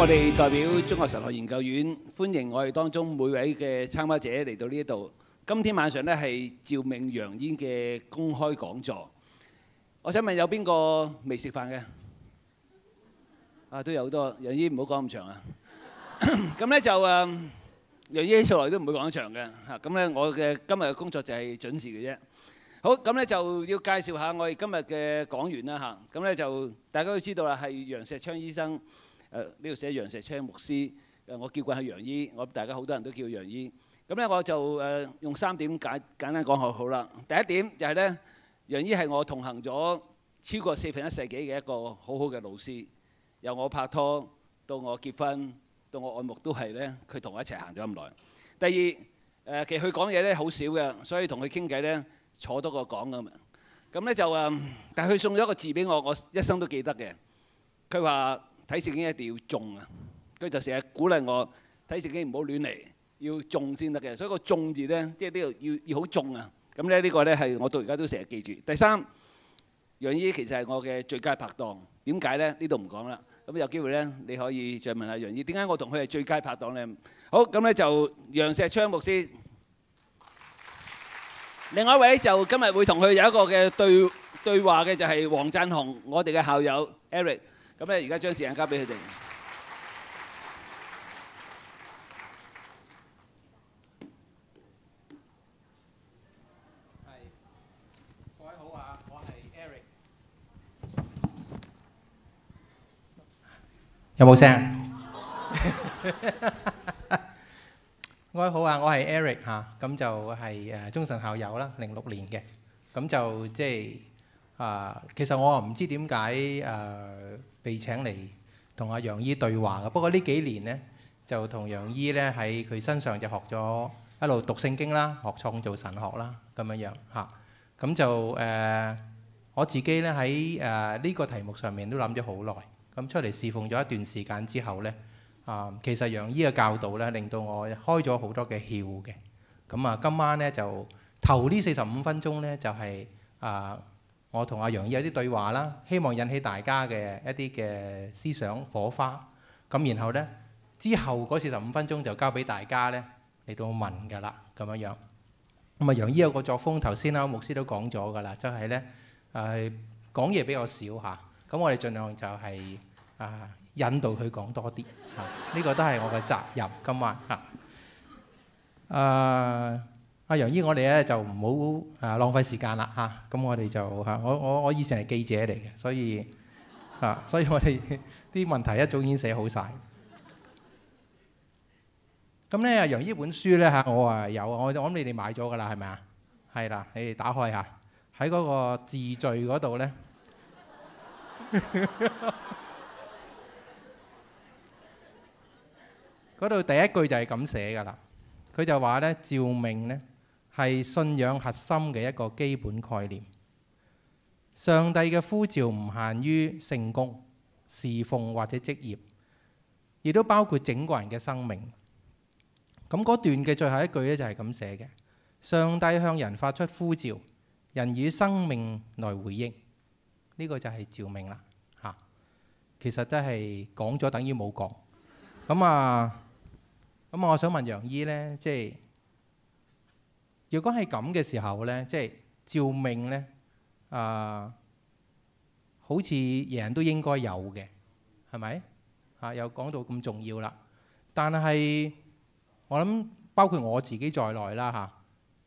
我哋代表中國神學研究院歡迎我哋當中每位嘅參加者嚟到呢一度。今天晚上呢係召命 X 楊醫嘅公開講座。我想問有邊個未食飯嘅？啊，都有好多。楊醫唔好講咁長啊。咁呢就誒，楊醫從來都唔會講長嘅。吓，咁呢我嘅今日嘅工作就係準時嘅啫。好，咁呢就要介紹下我哋今日嘅講員啦。吓，咁呢就大家都知道啦，係楊錫鏘醫生。呢度寫楊錫鏘牧師，誒我叫慣係楊醫，我大家好多人都叫楊醫。咁咧我就誒、呃、用三點簡單簡單講下好啦。第一點就係、是、咧，楊醫係我同行咗超過四分一世紀嘅一個好好嘅老師，由我拍拖到我結婚到我愛慕都係咧佢同我一齊行咗咁耐。第二誒、呃、其實佢講嘢咧好少嘅，所以同佢傾偈咧坐多過講噶嘛。咁咧就誒、呃，但係佢送咗一個字俾我，我一生都記得嘅。佢話。睇攝影一定要種啊！佢就成日鼓勵我睇攝影唔好亂嚟，要種先得嘅。所以個種字咧，即係呢度要要好種啊！咁咧呢個咧係我到而家都成日記住。第三，楊醫其實係我嘅最佳拍檔。點解咧？呢度唔講啦。咁有機會咧，你可以再問下楊醫點解我同佢係最佳拍檔咧？好，咁咧就楊錫鏘牧師。另外一位就今日會同佢有一個嘅對對話嘅就係黃讚雄，我哋嘅校友 Eric。咁咧，而家將時間交俾佢哋。係，各位好啊，我係 Eric。有冇聲？各位好啊，我係 Eric 嚇，咁就係誒忠臣校友啦，零六年嘅，咁就即係啊，其實我啊唔知點解誒，被請嚟同阿楊醫對話嘅，不過呢幾年呢，就同楊醫呢喺佢身上就學咗一路讀聖經啦，學創造神學啦咁樣樣嚇，咁、啊、就誒、呃、我自己呢喺誒呢個題目上面都諗咗好耐，咁、啊、出嚟侍奉咗一段時間之後呢，啊，其實楊醫嘅教導呢令到我開咗好多嘅竅嘅，咁啊今晚呢就頭呢四十五分鐘呢，就係、是、啊～我同阿楊醫有啲對話啦，希望引起大家嘅一啲嘅思想火花。咁然後呢，之後嗰四十五分鐘就交俾大家呢嚟到問㗎啦，咁樣樣。咁啊，楊醫有個作風，頭先啊牧師都講咗㗎啦，就係、是、呢誒講嘢比較少嚇。咁我哋儘量就係、是、啊引導佢講多啲，呢、啊這個都係我嘅責任。今晚啊。啊阿楊醫，我哋咧就唔好啊浪費時間啦嚇，咁我哋就嚇我我我以前係記者嚟嘅，所以啊，所以我哋啲問題一早已經寫好曬。咁咧，阿楊醫本書咧嚇，我啊有，我我諗你哋買咗㗎啦，係咪啊？係啦，你哋打開嚇，喺嗰個自序嗰度咧，嗰度第一句就係咁寫㗎啦。佢就話咧，召命咧。係信仰核心嘅一個基本概念。上帝嘅呼召唔限於成功、侍奉或者職業，亦都包括整個人嘅生命。咁嗰段嘅最後一句呢，就係咁寫嘅：上帝向人發出呼召，人以生命來回應。呢、這個就係召命啦嚇。其實真係講咗等於冇講。咁啊，咁我想問楊醫呢，即係。若果係咁嘅時候咧，即係召命咧，啊，好似人人都應該有嘅，係咪？嚇，又講到咁重要啦。但係我諗，包括我自己在內啦，嚇，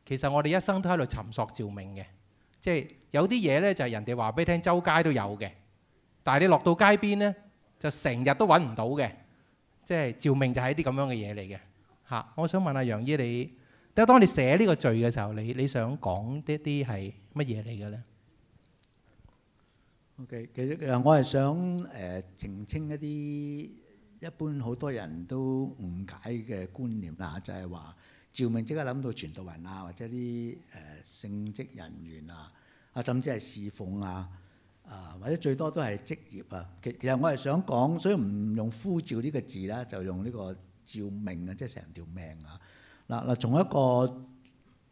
其實我哋一生都喺度尋索召命嘅，即係有啲嘢咧就係人哋話俾你聽，周街都有嘅，但係你落到街邊咧，就成日都揾唔到嘅。即係召命就係啲咁樣嘅嘢嚟嘅。嚇，我想問下楊醫你。得當你寫呢個罪嘅時候，你你想講啲啲係乜嘢嚟嘅咧？OK，其實誒我係想誒澄清一啲一般好多人都誤解嘅觀念啦，就係話召命即刻諗到傳道人啊，或者啲誒聖職人員啊，啊甚至係侍奉啊，啊或者最多都係職業啊。其其實我係想講，所以唔用呼召呢個字啦，就用呢個召命啊，即係成條命啊。嗱嗱，從一個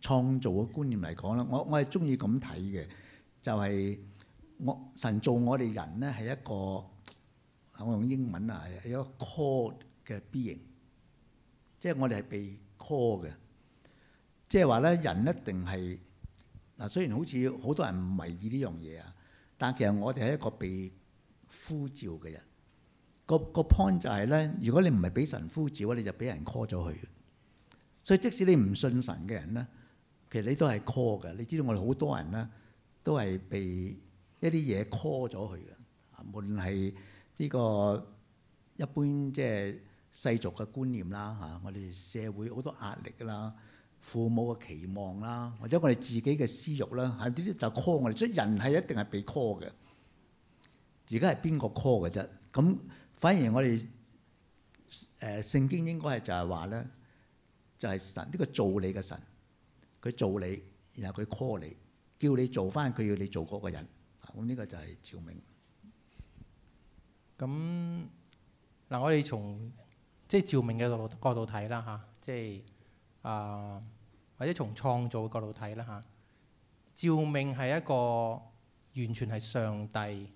創造嘅觀念嚟講咧，我我係中意咁睇嘅，就係、是、我神做我哋人咧係一個，我用英文啊係一個 call 嘅 being，即係我哋係被 call 嘅，即係話咧人一定係嗱，雖然好似好多人唔為意呢樣嘢啊，但其實我哋係一個被呼召嘅人。個、那個 point 就係、是、咧，如果你唔係俾神呼召，你就俾人 call 咗佢。所以即使你唔信神嘅人咧，其實你都係 call 嘅。你知道我哋好多人咧都係被一啲嘢 call 咗佢嘅。無論係呢個一般即係世俗嘅觀念啦，嚇我哋社會好多壓力啦，父母嘅期望啦，或者我哋自己嘅私欲啦，係呢啲就 call 我哋。所以人係一定係被 call 嘅。而家係邊個 call 嘅啫？咁反而我哋誒聖經應該係就係話咧。就係神呢個造你嘅神，佢造你，然後佢 call 你，叫你做返佢要你做嗰個人。咁呢個就係召命。咁嗱，我哋從即係召命嘅角度睇啦吓，即係啊，或者從創造嘅角度睇啦吓。召命係一個完全係上帝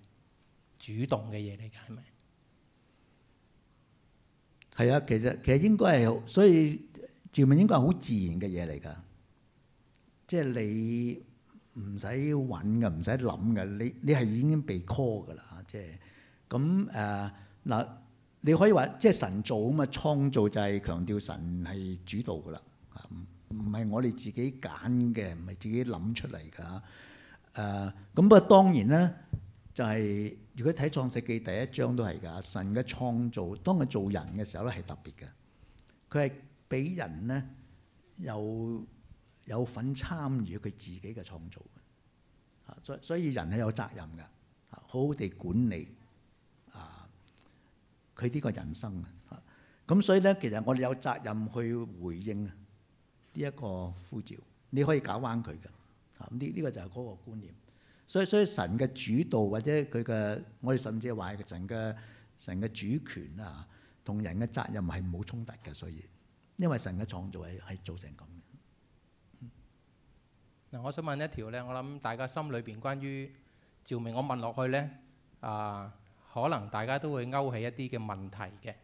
主動嘅嘢嚟嘅，係咪？係啊，其實其實應該係，所以。召命應該係好自然嘅嘢嚟㗎，即係你唔使揾㗎，唔使諗㗎，你你係已經被 call 㗎啦，即係咁誒嗱，你可以話即係神做啊嘛，創造就係強調神係主導㗎啦，嚇唔唔係我哋自己揀嘅，唔係自己諗出嚟㗎，誒、呃、咁不過當然啦，就係、是、如果睇創世記第一章都係㗎，神嘅創造當佢做人嘅時候咧係特別嘅，佢係。俾人呢，又有份參與佢自己嘅創造嘅，啊，所所以人係有責任嘅，啊，好好地管理啊佢呢個人生啊，咁所以呢，其實我哋有責任去回應呢一個呼召。你可以搞彎佢嘅，啊，呢、呢、呢個就係嗰個觀念。所以所以神嘅主導或者佢嘅我哋甚至話係神嘅神嘅主權啊，同人嘅責任係冇衝突嘅，所以。因為神嘅創造係係造成咁嘅。嗱，我想問一條呢，我諗大家心裏邊關於召命，我問落去呢，啊、呃，可能大家都會勾起一啲嘅問題嘅。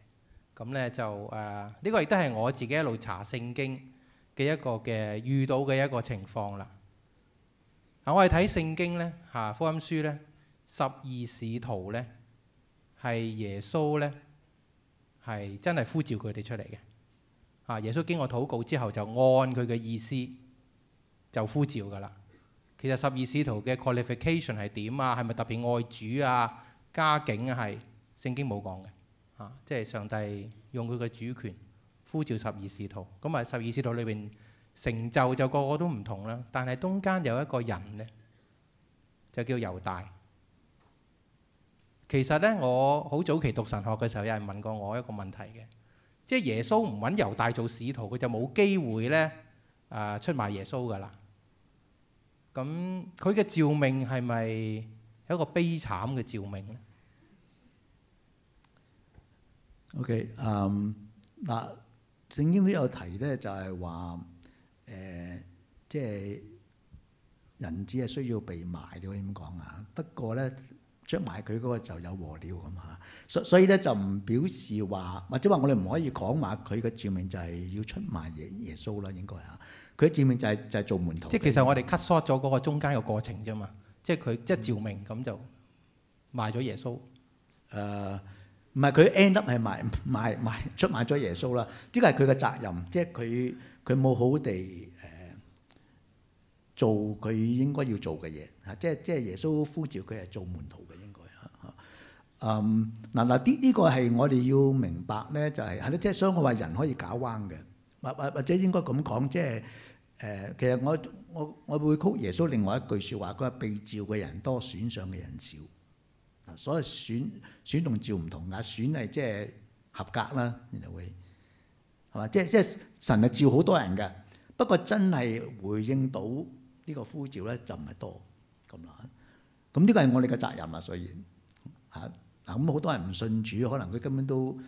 咁呢，就誒，呢、呃這個亦都係我自己一路查聖經嘅一個嘅遇到嘅一個情況啦。啊，我係睇聖經呢，吓，福音書呢，十二使徒呢，係耶穌呢，係真係呼召佢哋出嚟嘅。啊！耶穌經過禱告之後，就按佢嘅意思就呼召噶啦。其實十二使徒嘅 qualification 係點啊？係咪特別愛主啊？家境係聖經冇講嘅。啊，即係上帝用佢嘅主權呼召十二使徒。咁啊，十二使徒裏邊成就就個個都唔同啦。但係中間有一個人呢，就叫猶大。其實呢，我好早期讀神學嘅時候，有人問過我一個問題嘅。即係耶穌唔揾猶大做使徒，佢就冇機會咧啊，出賣耶穌㗎啦。咁佢嘅召命係咪一個悲慘嘅召命咧？OK，嗱、嗯，聖經都有提咧、呃，就係話誒，即係人子係需要被埋賣嘅，可以咁講啊。不過咧，出賣佢嗰個就有禍了啊嘛，所所以咧就唔表示話或者話我哋唔可以講話佢嘅召命就係要出賣耶耶穌啦，應該係，佢召命就係、是、就係、是、做門徒。即係其實我哋 cut short 咗嗰個中間嘅過程啫嘛，即係佢即係召命咁就賣咗耶穌。誒、嗯，唔係佢 end up 係賣賣賣出賣咗耶穌啦，呢個係佢嘅責任，即係佢佢冇好地，做佢應該要做嘅嘢嚇，即係即係耶穌呼召佢係做門徒嘅，應該嚇嗱嗱，啲、嗯、呢、呢個係我哋要明白咧，就係係咯，即係所以我話人可以搞彎嘅，或或或者應該咁講，即係誒、呃，其實我我我會曲耶穌另外一句説話，佢話被召嘅人多，選上嘅人少。啊，所以選選同召唔同噶，選係即係合格啦，原來會係嘛，即係即係神係召好多人嘅，不過真係回應到。呢個呼召咧就唔係多咁難，咁呢個係我哋嘅責任啊。所以嚇嗱，咁好多人唔信主，可能佢根本都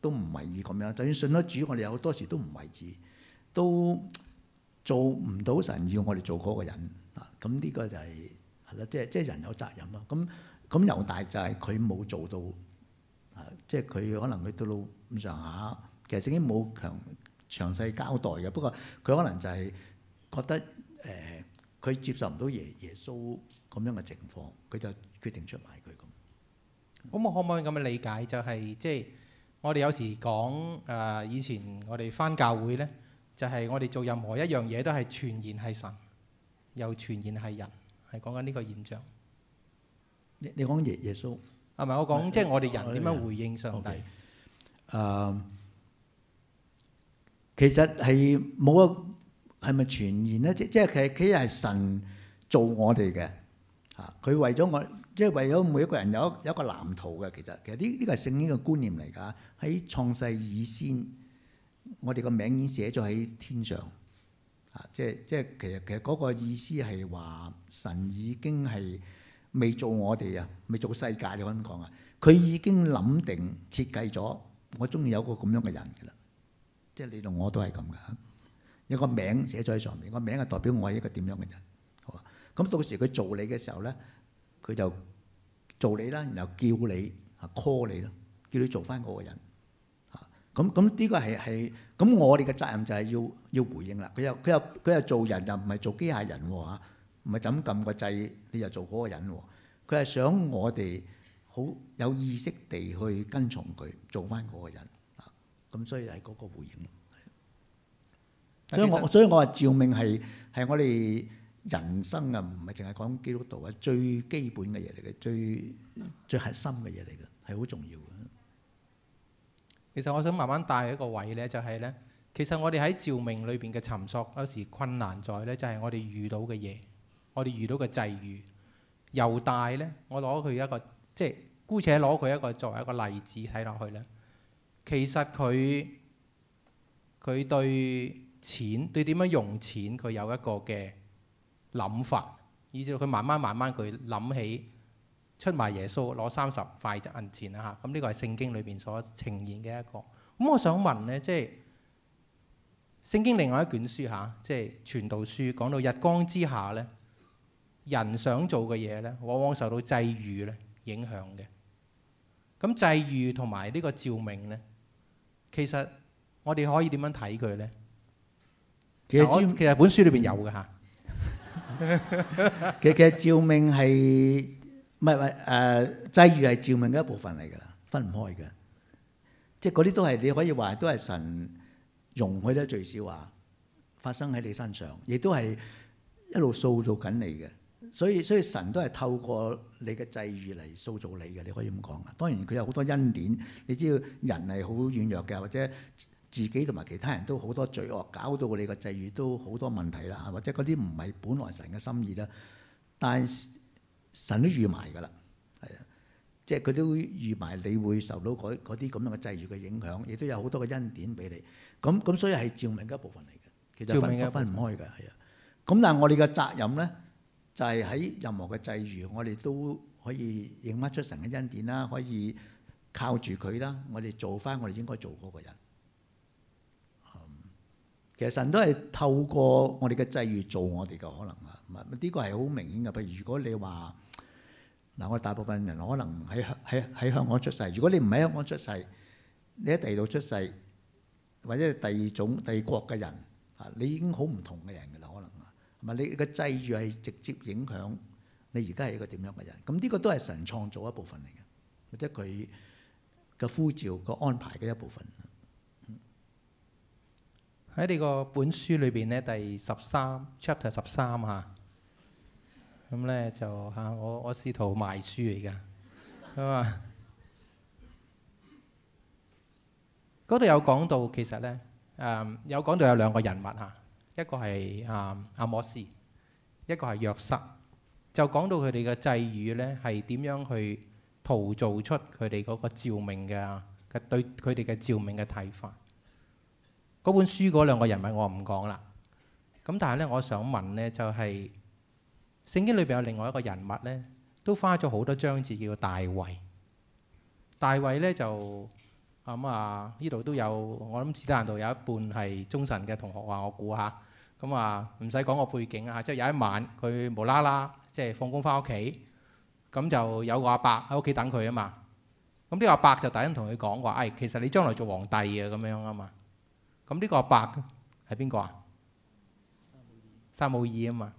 都唔為意咁樣。就算信咗主，我哋有好多時都唔為意，都做唔到神要我哋做嗰個人啊。咁、這、呢個就係係啦，即係即係人有責任咯。咁咁猶大就係佢冇做到啊，即係佢可能佢到到咁上下，其實正經冇強詳細交代嘅。不過佢可能就係覺得誒。呃佢接受唔到耶耶穌咁樣嘅情況，佢就決定出賣佢咁。咁我可唔可以咁樣嘅理解？就係即係我哋有時講誒，以前我哋返教會咧，就係我哋做任何一樣嘢都係全然係神，又全然係人，係講緊呢個現象。你你講耶耶穌係咪？我講即係我哋人點樣回應上帝誒？其實係冇一。係咪傳言咧？即即係其實係神做我哋嘅，啊！佢為咗我，即係為咗每一個人有一有一個藍圖嘅。其實其實呢呢個係聖經嘅觀念嚟㗎。喺創世以先，我哋個名已經寫咗喺天上，啊！即係即係其實其實嗰個意思係話神已經係未做我哋啊，未做世界咁講啊。佢已經諗定設計咗，我中意有個咁樣嘅人㗎啦。即係你同我都係咁㗎。一個名寫咗喺上面，個名係代表我係一個點樣嘅人，好啊。咁到時佢做你嘅時候呢，佢就做你啦，然後叫你嚇 call 你咯，叫你做翻嗰個人嚇。咁咁呢個係係咁，我哋嘅責任就係要要回應啦。佢又佢又佢又做人，又唔係做機械人喎嚇，唔係就咁撳個掣，你就做嗰個人喎。佢係想我哋好有意識地去跟從佢做翻嗰個人嚇。咁所以係嗰個回應。所以我所以我話召命係係我哋人生啊，唔係淨係講基督徒啊，最基本嘅嘢嚟嘅，最最核心嘅嘢嚟嘅，係好重要嘅。其實我想慢慢帶一個位呢，就係、是、呢。其實我哋喺召命裏邊嘅尋索，有時困難在呢，就係、是、我哋遇到嘅嘢，我哋遇到嘅際遇。猶大呢，我攞佢一個即係姑且攞佢一個作為一個例子睇落去呢。其實佢佢對。錢對點樣用錢，佢有一個嘅諗法，以至到佢慢慢慢慢佢諗起出賣耶穌攞三十塊銀錢啦。嚇，咁呢個係聖經裏面所呈現嘅一個。咁我想問呢，即係聖經另外一卷書嚇，即係傳道書講到日光之下呢，人想做嘅嘢呢，往往受到際遇呢影響嘅。咁際遇同埋呢個召命呢，其實我哋可以點樣睇佢呢？其實，我其實本書裏邊有嘅嚇，嗯、其實 其實召命係唔係唔誒際遇係召命嘅一部分嚟㗎啦，分唔開嘅，即係嗰啲都係你可以話都係神容許得最少話發生喺你身上，亦都係一路塑造緊你嘅，所以所以神都係透過你嘅際遇嚟塑造你嘅，你可以咁講啊。當然佢有好多恩典，你知道人係好軟弱嘅，或者。自己同埋其他人都好多罪惡，搞到你個際遇都好多問題啦，或者嗰啲唔係本來神嘅心意啦。但係神都預埋㗎啦，係啊，即係佢都預埋你會受到嗰啲咁樣嘅際遇嘅影響，亦都有好多嘅恩典俾你。咁咁所以係召命嘅一部分嚟嘅，其實召命嘅分唔開嘅。係啊。咁但係我哋嘅責任呢，就係、是、喺任何嘅際遇，我哋都可以認出神嘅恩典啦，可以靠住佢啦，我哋做翻我哋應該做嗰個人。其實神都係透過我哋嘅際遇做我哋嘅可能啊！唔係呢個係好明顯嘅。譬如如果你話嗱，我哋大部分人可能喺喺喺香港出世。如果你唔喺香港出世，你喺第二度出世，或者係第二種第二國嘅人啊，你已經好唔同嘅人嘅啦。可能啊，唔係你嘅際遇係直接影響你而家係一個點樣嘅人。咁呢個都係神創造一部分嚟嘅，或者佢嘅呼召、個安排嘅一部分。喺你個本書裏邊呢，第十三 chapter 十三嚇，咁、嗯、呢就嚇、啊、我我試圖賣書嚟噶，係、啊、嘛？嗰度有講到其實呢，誒、嗯、有講到有兩個人物嚇、啊，一個係阿阿摩斯，一個係約瑟，就講到佢哋嘅際遇呢，係點樣去陶造出佢哋嗰個召命嘅嘅對佢哋嘅召命嘅睇法。嗰本書嗰兩個人物，我唔講啦。咁但係咧，我想問咧，就係聖經裏邊有另外一個人物咧，都花咗好多章節，叫做大衛。大衛咧就咁啊，呢度都有我諗，是但度有一半係中神嘅同學啊。我估下咁啊，唔使講個背景啊，即係有一晚佢無啦啦，即係放工翻屋企咁就有個阿伯喺屋企等佢啊嘛。咁呢個阿伯就突然同佢講話誒，其實你將來做皇帝啊，咁樣啊嘛。咁呢個阿伯係邊個啊？撒母耳啊嘛，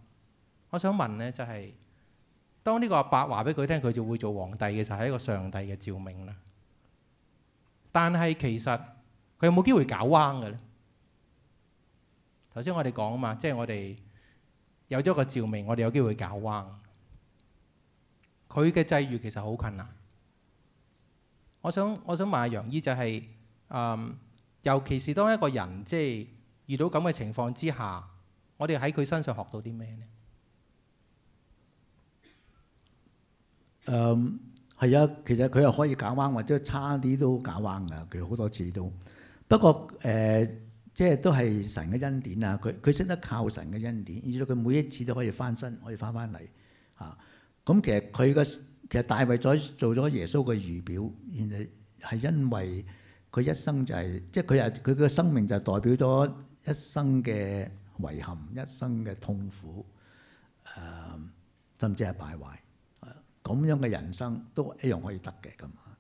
我想問呢、就係，就係當呢個阿伯話俾佢聽，佢就會做皇帝嘅時候，係一個上帝嘅召命啦。但係其實佢有冇機會搞彎嘅呢？頭先我哋講啊嘛，即、就、係、是、我哋有咗個召命，我哋有機會搞彎。佢嘅際遇其實好困難。我想我想問阿楊醫就係、是、誒。嗯尤其是當一個人即係遇到咁嘅情況之下，我哋喺佢身上學到啲咩呢？誒係啊，其實佢又可以搞彎或者差啲都搞彎㗎，佢好多次都。不過誒、呃，即係都係神嘅恩典啊！佢佢識得靠神嘅恩典，以致佢每一次都可以翻身，可以翻翻嚟吓。咁、啊、其實佢嘅其實大衛仔做咗耶穌嘅預表，原來係因為。佢一生就係、是，即係佢啊，佢嘅生命就代表咗一生嘅遺憾、一生嘅痛苦，誒、嗯，甚至係敗壞，咁樣嘅人生都一樣可以得嘅咁啊！誒、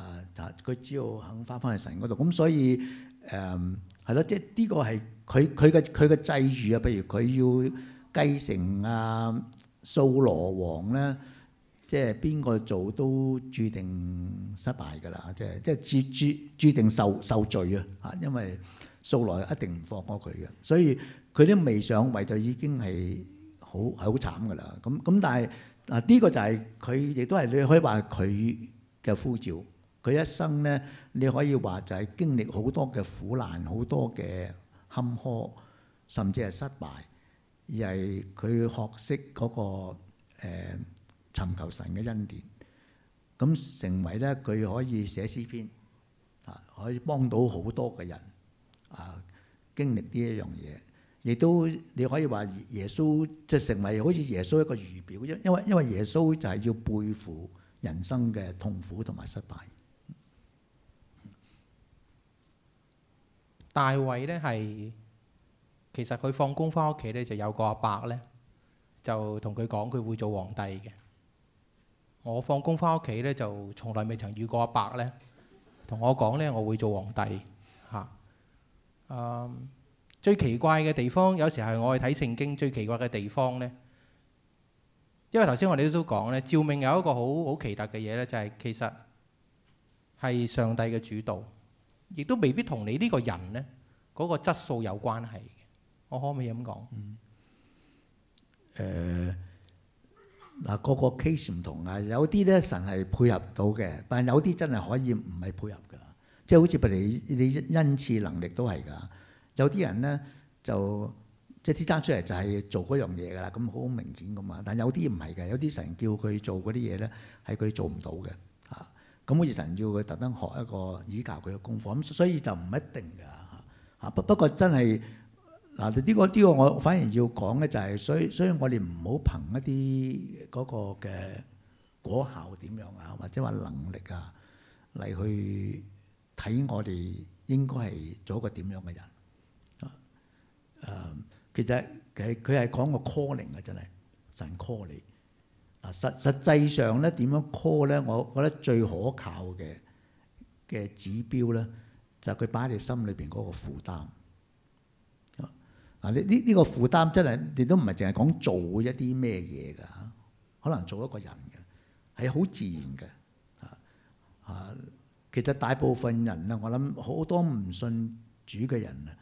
嗯，就佢只要肯翻返去神嗰度，咁、嗯、所以誒，係、嗯、咯，即係呢個係佢佢嘅佢嘅際遇啊，譬如佢要繼承啊掃羅王咧。即係邊個做都注定失敗㗎啦！即係即係注注注定受受罪啊！嚇，因為掃羅一定唔放過佢嘅，所以佢都未上位就已經係好係好慘㗎啦。咁咁但係啊呢個就係佢亦都係你可以話係佢嘅呼召。佢一生呢，你可以話就係經歷好多嘅苦難、好多嘅坎坷，甚至係失敗，而係佢學識嗰、嗰個、呃尋求神嘅恩典，咁成為呢，佢可以寫詩篇啊，可以幫到好多嘅人啊，經歷呢一樣嘢，亦都你可以話耶穌即係成為好似耶穌一個預表，因因為因為耶穌就係要背負人生嘅痛苦同埋失敗。大衛呢係其實佢放工翻屋企呢，就有個阿伯呢，就同佢講，佢會做皇帝嘅。我放工翻屋企呢，就從來未曾遇過阿伯呢。同我講呢，我會做皇帝嚇、嗯。最奇怪嘅地方，有時係我去睇聖經最奇怪嘅地方呢。因為頭先我哋都講呢，召命有一個好好奇特嘅嘢呢，就係、是、其實係上帝嘅主導，亦都未必同你呢個人呢嗰個質素有關係。我可唔可以咁講？嗯呃嗱，個個 case 唔同啊，有啲咧神係配合到嘅，但有啲真係可以唔係配合噶，即係好似譬如你恩恩賜能力都係噶，有啲人咧就即啲掙出嚟就係做嗰樣嘢噶啦，咁好明顯噶嘛。但有啲唔係嘅，有啲神叫佢做嗰啲嘢咧係佢做唔到嘅嚇。咁、啊、好似神叫佢特登學一個以教佢嘅功課，咁所以就唔一定噶嚇、啊。不不過真係。嗱，呢個呢個，這個、我反而要講嘅就係、是、所所以，所以我哋唔好憑一啲嗰、那個嘅、那個、果效點樣啊，或者話能力啊嚟去睇我哋應該係做一個點樣嘅人。誒、嗯，其實佢佢係講個 calling 嘅，真係神 call 你。嗱，實實際上咧，點樣 call 咧？我覺得最可靠嘅嘅指標咧，就係佢擺喺你心裏邊嗰個負擔。嗱，呢呢呢個負擔真係，你都唔係淨係講做一啲咩嘢㗎，可能做一個人嘅，係好自然嘅。啊啊，其實大部分人啊，我諗好多唔信主嘅人啊，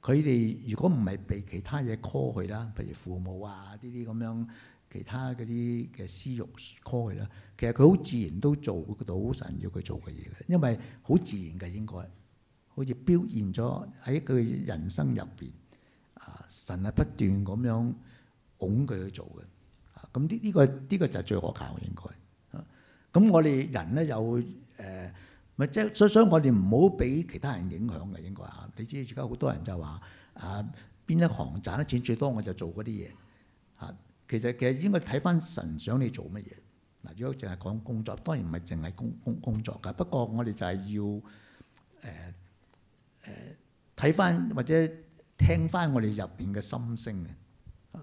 佢哋如果唔係被其他嘢拖去啦，譬如父母啊呢啲咁樣，其他嗰啲嘅私慾拖去啦，其實佢好自然都做到神要佢做嘅嘢嘅，因為好自然嘅應該，好似表現咗喺佢人生入邊。嗯神係不斷咁樣擁佢去做嘅，這個這個，啊咁呢呢個呢個就係最可靠應該。啊咁我哋人咧，有誒，咪即係所所以，我哋唔好俾其他人影響嘅應該嚇。你知而家好多人就話啊，邊一行賺得錢最多，我就做嗰啲嘢嚇。其實其實應該睇翻神想你做乜嘢嗱。如果淨係講工作，當然唔係淨係工工工作㗎。不過我哋就係要誒誒睇翻或者。聽翻我哋入邊嘅心聲嘅，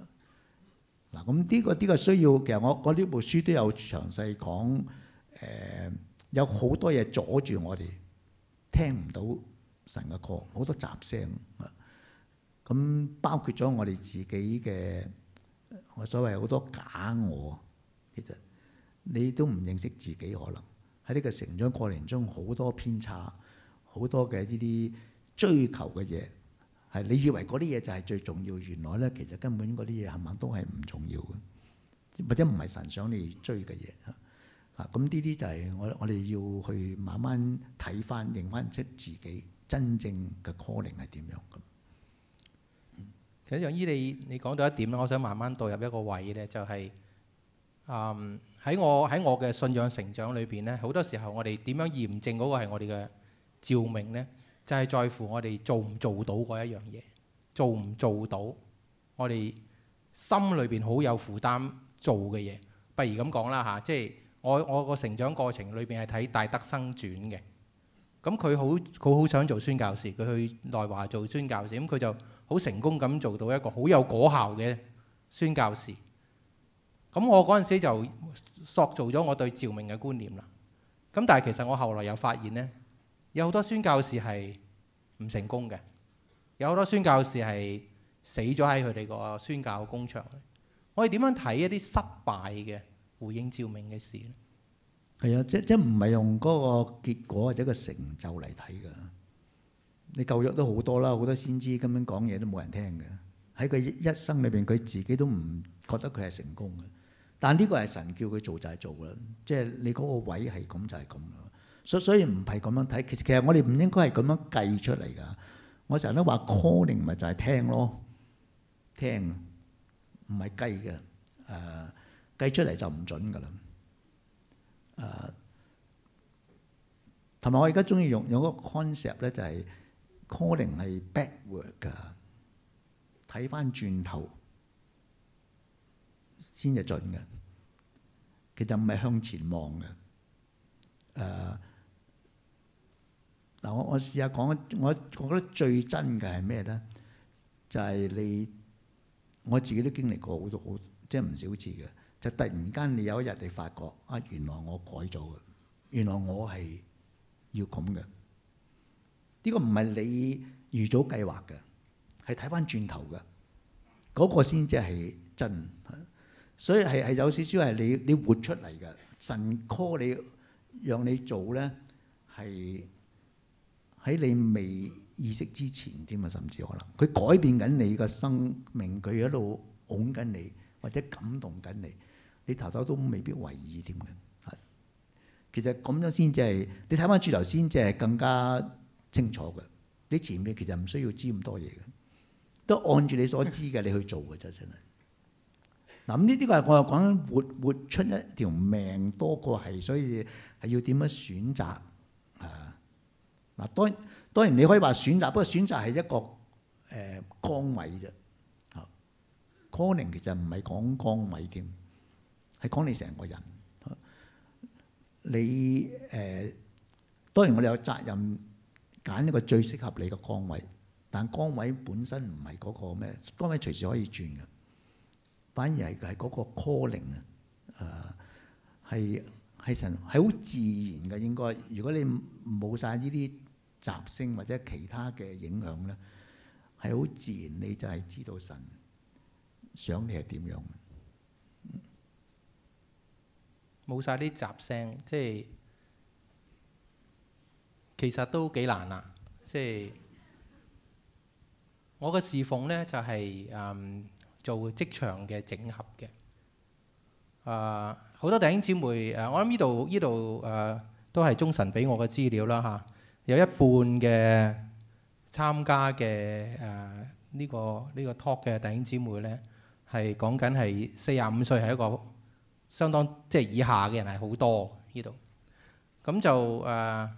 嗱咁呢個呢、呢個需要，其實我我呢部書都有詳細講，誒、呃、有好多嘢阻住我哋聽唔到神嘅歌，好多雜聲，咁包括咗我哋自己嘅我所謂好多假我，其實你都唔認識自己，可能喺呢個成長過程中好多偏差，好多嘅呢啲追求嘅嘢。係，你以為嗰啲嘢就係最重要，原來咧，其實根本嗰啲嘢冚唪唥都係唔重要嘅，或者唔係神想你追嘅嘢嚇。啊，咁呢啲就係我我哋要去慢慢睇翻、認翻出自己真正嘅 calling 係點樣咁。其實楊醫你你講到一點啦，我想慢慢導入一個位咧，就係、是、嗯，喺我喺我嘅信仰成長裏邊咧，好多時候我哋點樣驗證嗰個係我哋嘅召命咧？就係在乎我哋做唔做到嗰一樣嘢，做唔做到我哋心裏邊好有負擔做嘅嘢。不如咁講啦嚇，即係我我個成長過程裏邊係睇《大德生傳戴德生傳》嘅，咁佢好佢好想做宣教士，佢去內華做宣教士，咁佢就好成功咁做到一個好有果效嘅宣教士。咁我嗰陣時就塑造咗我對召命嘅觀念啦。咁但係其實我後來又發現呢。有好多宣教士係唔成功嘅，有好多宣教士係死咗喺佢哋個宣教工場。我哋點樣睇一啲失敗嘅回應召命嘅事呢？係啊，即即唔係用嗰個結果或者個成就嚟睇噶。你舊約都好多啦，好多先知咁樣講嘢都冇人聽嘅。喺佢一生裏邊，佢自己都唔覺得佢係成功嘅。但呢個係神叫佢做就係做啦，即係你嗰個位係咁就係咁。所所以唔係咁樣睇，其實我哋唔應該係咁樣計出嚟噶。我成日都話 calling 咪就係聽咯，聽唔係計嘅，誒、呃、計出嚟就唔準噶啦。誒同埋我而家中意用有一個 concept 呢，就係 calling 係 backward 噶，睇翻轉頭先至準噶。其實唔係向前望噶，誒、呃。嗱，我我試下講，我我覺得最真嘅係咩咧？就係、是、你我自己都經歷過好多好，即係唔少次嘅。就突然間你有一日你發覺啊，原來我改咗，嘅，原來我係要咁嘅。呢、這個唔係你預早計劃嘅，係睇翻轉頭嘅嗰、那個先至係真。所以係係有少少係你你活出嚟嘅。神 call 你，讓你做咧係。喺你未意識之前添啊，甚至可能佢改變緊你嘅生命，佢一路拱緊你，或者感動緊你，你頭頭都未必為意添嘅。係，其實咁樣先即係你睇翻住頭先，即係更加清楚嘅。你前面其實唔需要知咁多嘢嘅，都按住你所知嘅你去做嘅啫，真係。嗱呢啲個係我係講活活出一條命多過係，所以係要點樣選擇？嗱，當然當然你可以話選擇，不過選擇係一個誒崗位啫。啊，calling 其實唔係講崗位添，係講你成個人。啊、你誒、呃、當然我哋有責任揀一個最適合你嘅崗位，但崗位本身唔係嗰個咩，崗位隨時可以轉嘅。反而係係嗰個 calling 啊、呃，誒係係神係好自然嘅應該。如果你冇晒呢啲，雜聲或者其他嘅影響呢，係好自然，你就係知道神想你係點樣。冇晒啲雜聲，即係其實都幾難啊！即係我嘅侍奉呢、就係，就、嗯、係做職場嘅整合嘅誒，好、呃、多弟兄姊妹我諗呢度呢度都係忠神俾我嘅資料啦，嚇。有一半嘅參加嘅誒呢個呢、這個 talk 嘅弟兄姊妹呢，係講緊係四十五歲係一個相當即係以下嘅人係好多呢度。咁就誒、呃，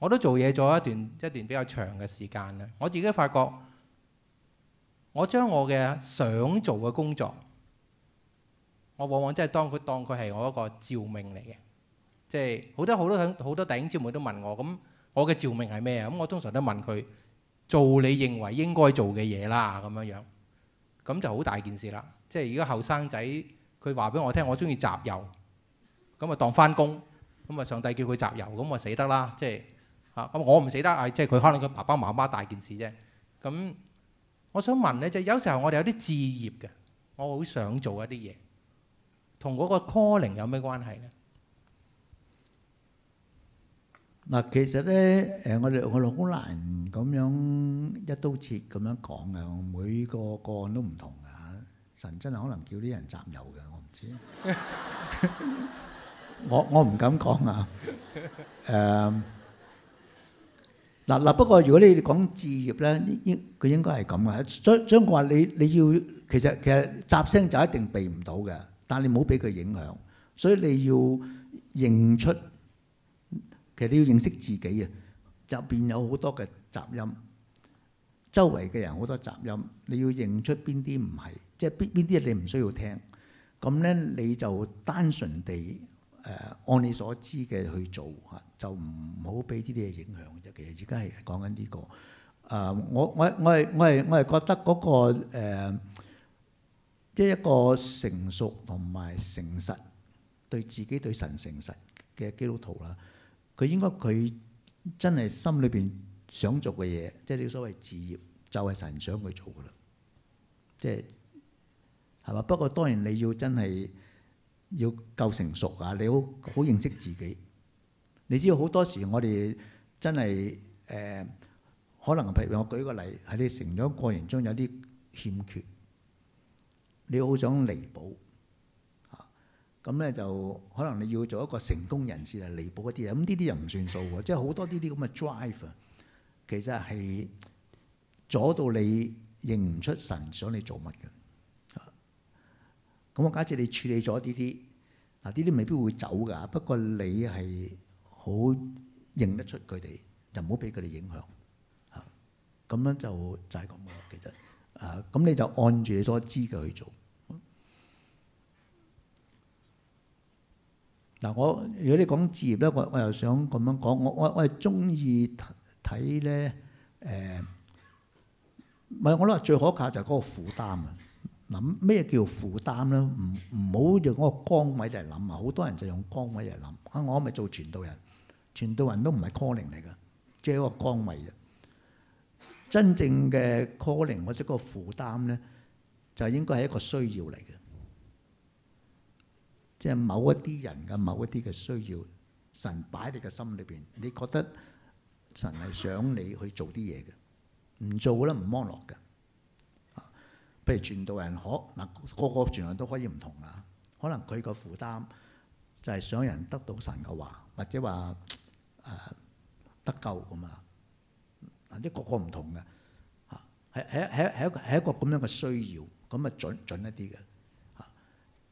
我都做嘢咗一段一段比較長嘅時間啦。我自己發覺，我將我嘅想做嘅工作，我往往真係當佢當佢係我一個召命嚟嘅。即係好多好多好多弟兄姊妹都問我咁。我嘅召命係咩啊？咁我通常都問佢做你認為應該做嘅嘢啦，咁樣樣咁就好大件事啦。即係如果後生仔，佢話俾我聽，我中意集郵，咁啊當翻工，咁啊上帝叫佢集郵，咁啊死得啦。即係嚇咁我唔死得啊，即係佢可能佢爸爸媽媽大件事啫。咁我想問咧，就有時候我哋有啲志業嘅，我好想做一啲嘢，同嗰個 calling 有咩關係咧？嗱，其實咧，誒，我哋我好難咁樣一刀切咁樣講嘅，每個個案都唔同嘅。神真係可能叫啲人佔有嘅，我唔知 我。我我唔敢講啊。誒，嗱嗱，不過如果你講置業咧，應佢應該係咁嘅。所所以話你你要，其實其實雜聲就一定避唔到嘅，但係你唔好俾佢影響，所以你要認出。其實你要認識自己啊，入邊有好多嘅雜音，周圍嘅人好多雜音。你要認出邊啲唔係，即係邊邊啲你唔需要聽。咁咧你就單純地誒、呃、按你所知嘅去做，就唔好俾啲嘢影響啫。其實而家係講緊、這、呢個啊、呃，我我我係我係我係覺得嗰、那個即係、呃就是、一個成熟同埋誠實，對自己對神誠實嘅基督徒啦。佢應該佢真係心裏邊想做嘅嘢，即係你所謂志業，就係、是、神想佢做噶啦，即係係嘛？不過當然你要真係要夠成熟啊，你好好認識自己。你知道好多時我哋真係誒、呃，可能譬如我舉個例，喺你成長過程中有啲欠缺，你好想彌補。咁咧就可能你要做一個成功人士嚟彌補一啲啊，咁呢啲又唔算數喎，即係好多呢啲咁嘅 driver，其實係阻到你認唔出神想你做乜嘅。咁、嗯、我假設你處理咗呢啲，嗱呢啲未必會走噶，不過你係好認得出佢哋，就唔好俾佢哋影響。嚇、嗯，咁樣就就係咁啦，其、嗯、實，啊、嗯，咁你就按住你所知嘅去做。嗱，我如果你講置業咧，我我又想咁樣講，我我、呃、我係中意睇咧，誒，唔係我諗最可靠就係嗰個負擔啊。嗱，咩叫負擔咧？唔唔好用嗰個崗位嚟諗啊！好多人就用崗位嚟諗啊，我咪做傳道人，傳道人都唔係 calling 嚟噶，即係一個崗位啫。真正嘅 calling 或者個負擔咧，就應該係一個需要嚟嘅。即係某一啲人嘅某一啲嘅需要，神擺喺你嘅心裏邊，你覺得神係想你去做啲嘢嘅，唔做咧唔安樂嘅。譬如傳道人可，嗱，啊、個個傳道人都可以唔同啊，可能佢個負擔就係想人得到神嘅話，或者話誒、啊、得救咁啊，即係個個唔同嘅嚇，係係係一個係一個咁樣嘅需要，咁啊準準一啲嘅。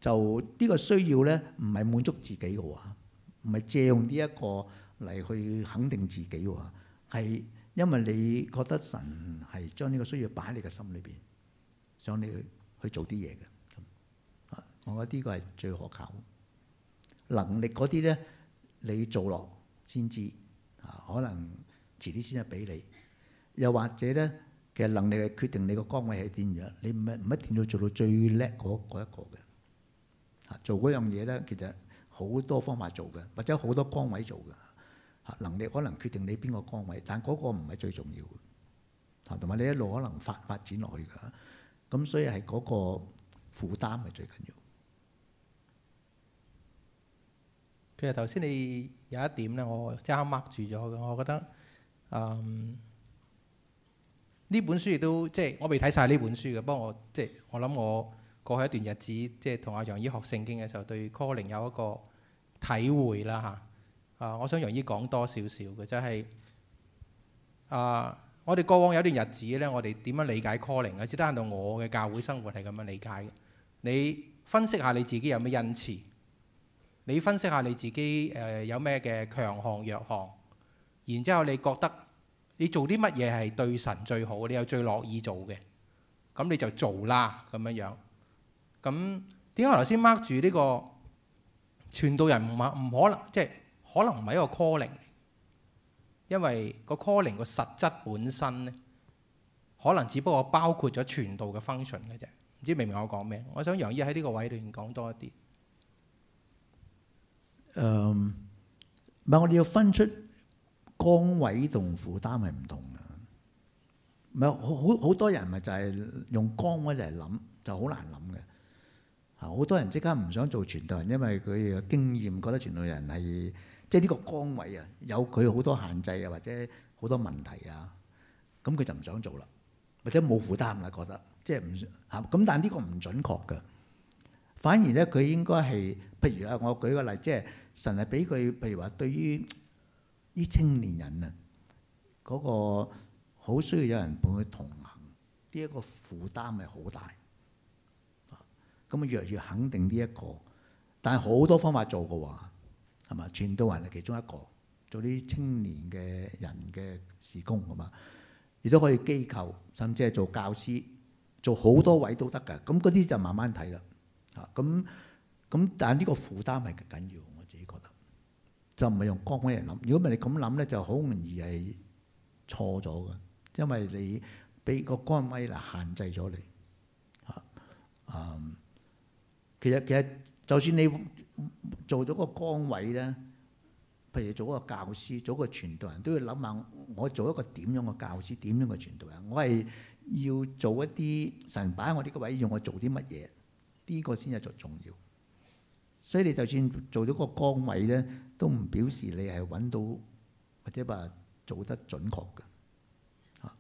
就呢個需要呢，唔係滿足自己嘅話，唔係借用呢一個嚟去肯定自己嘅話，係因為你覺得神係將呢個需要擺喺你嘅心裏邊，想你去去做啲嘢嘅。我覺得呢個係最可靠嘅。能力嗰啲呢，你做落先知啊，可能遲啲先至俾你。又或者呢，其實能力係決定你個崗位係點樣，你唔係唔一定要做到最叻嗰嗰一個嘅。做嗰樣嘢呢，其實好多方法做嘅，或者好多崗位做嘅，嚇，能力可能決定你邊個崗位，但嗰個唔係最重要嘅，同埋你一路可能發發展落去嘅，咁所以係嗰個負擔係最緊要。其實頭先你有一點呢，我即刻握住咗嘅，我覺得，嗯，呢本書亦都即係、就是、我未睇晒呢本書嘅，不過我即係我諗我。就是我過去一段日子，即係同阿楊醫學聖經嘅時候，對 calling 有一個體會啦。嚇啊！我想楊醫講多少少嘅，就係啊，我哋過往有段日子呢，我哋點樣理解 calling 啊？只得到我嘅教會生活係咁樣理解嘅。你分析下你自己有咩恩賜，你分析下你自己誒有咩嘅強項弱項，然之後你覺得你做啲乜嘢係對神最好，你有最樂意做嘅，咁你就做啦。咁樣樣。咁點解我頭先 mark 住呢個傳道人唔唔可能，即係可能唔係一個 calling？因為個 calling 個實質本身咧，可能只不過包括咗傳道嘅 function 嘅啫。唔知明唔明我講咩？我想楊醫喺呢個位度講多一啲。嗯，um，唔係我哋要分出崗位同負擔係唔同嘅。唔係好好好多人咪就係用崗位嚟諗，就好難諗嘅。好多人即刻唔想做傳道人，因為佢嘅經驗覺得傳道人係即係呢個崗位啊，有佢好多限制啊，或者好多問題啊，咁佢就唔想做啦，或者冇負擔啦，覺得即係唔想，咁但係呢個唔準確嘅，反而咧佢應該係譬如啊，我舉個例，即係神係俾佢，譬如話對於啲青年人啊，嗰個好需要有人伴佢同行，呢一個負擔係好大。咁啊，越嚟越肯定呢一個，但係好多方法做嘅話，係嘛？全都人係其中一個，做啲青年嘅人嘅事工啊嘛，亦都可以機構，甚至係做教師，做好多位都得㗎。咁嗰啲就慢慢睇啦。嚇，咁咁，但係呢個負擔係緊要，我自己覺得，就唔係用崗位嚟諗。如果唔係你咁諗咧，就好容易係錯咗㗎，因為你俾個崗位嚟限制咗你。嚇，嗯。其實其實，就算你做咗個崗位呢，譬如做一個教師、做一個傳道人都要諗下，我做一個點樣嘅教師、點樣嘅傳道人？我係要做一啲神擺喺我呢個位，要我做啲乜嘢？呢個先係最重要。所以你就算做咗個崗位呢，都唔表示你係揾到或者話做得準確嘅。嚇！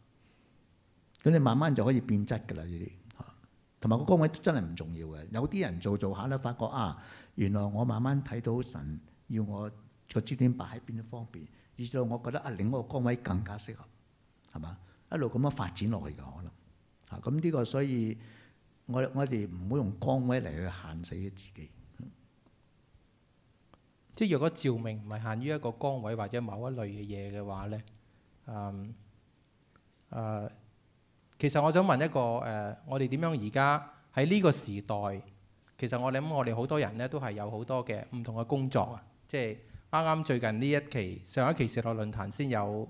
咁你慢慢就可以變質㗎啦，呢啲。同埋個崗位真係唔重要嘅，有啲人做做下呢，發覺啊，原來我慢慢睇到神要我個焦點擺喺邊一方面，以至到我覺得啊，另一個崗位更加適合，係嘛？一路咁樣發展落去嘅可能嚇，咁呢個所以我我哋唔好用崗位嚟去限死咗自己。即係若果召命唔係限於一個崗位或者某一類嘅嘢嘅話呢。誒、嗯、誒。嗯其實我想問一個誒、呃，我哋點樣而家喺呢個時代？其實我諗我哋好多人呢都係有好多嘅唔同嘅工作啊！即係啱啱最近呢一期上一期時代論壇先有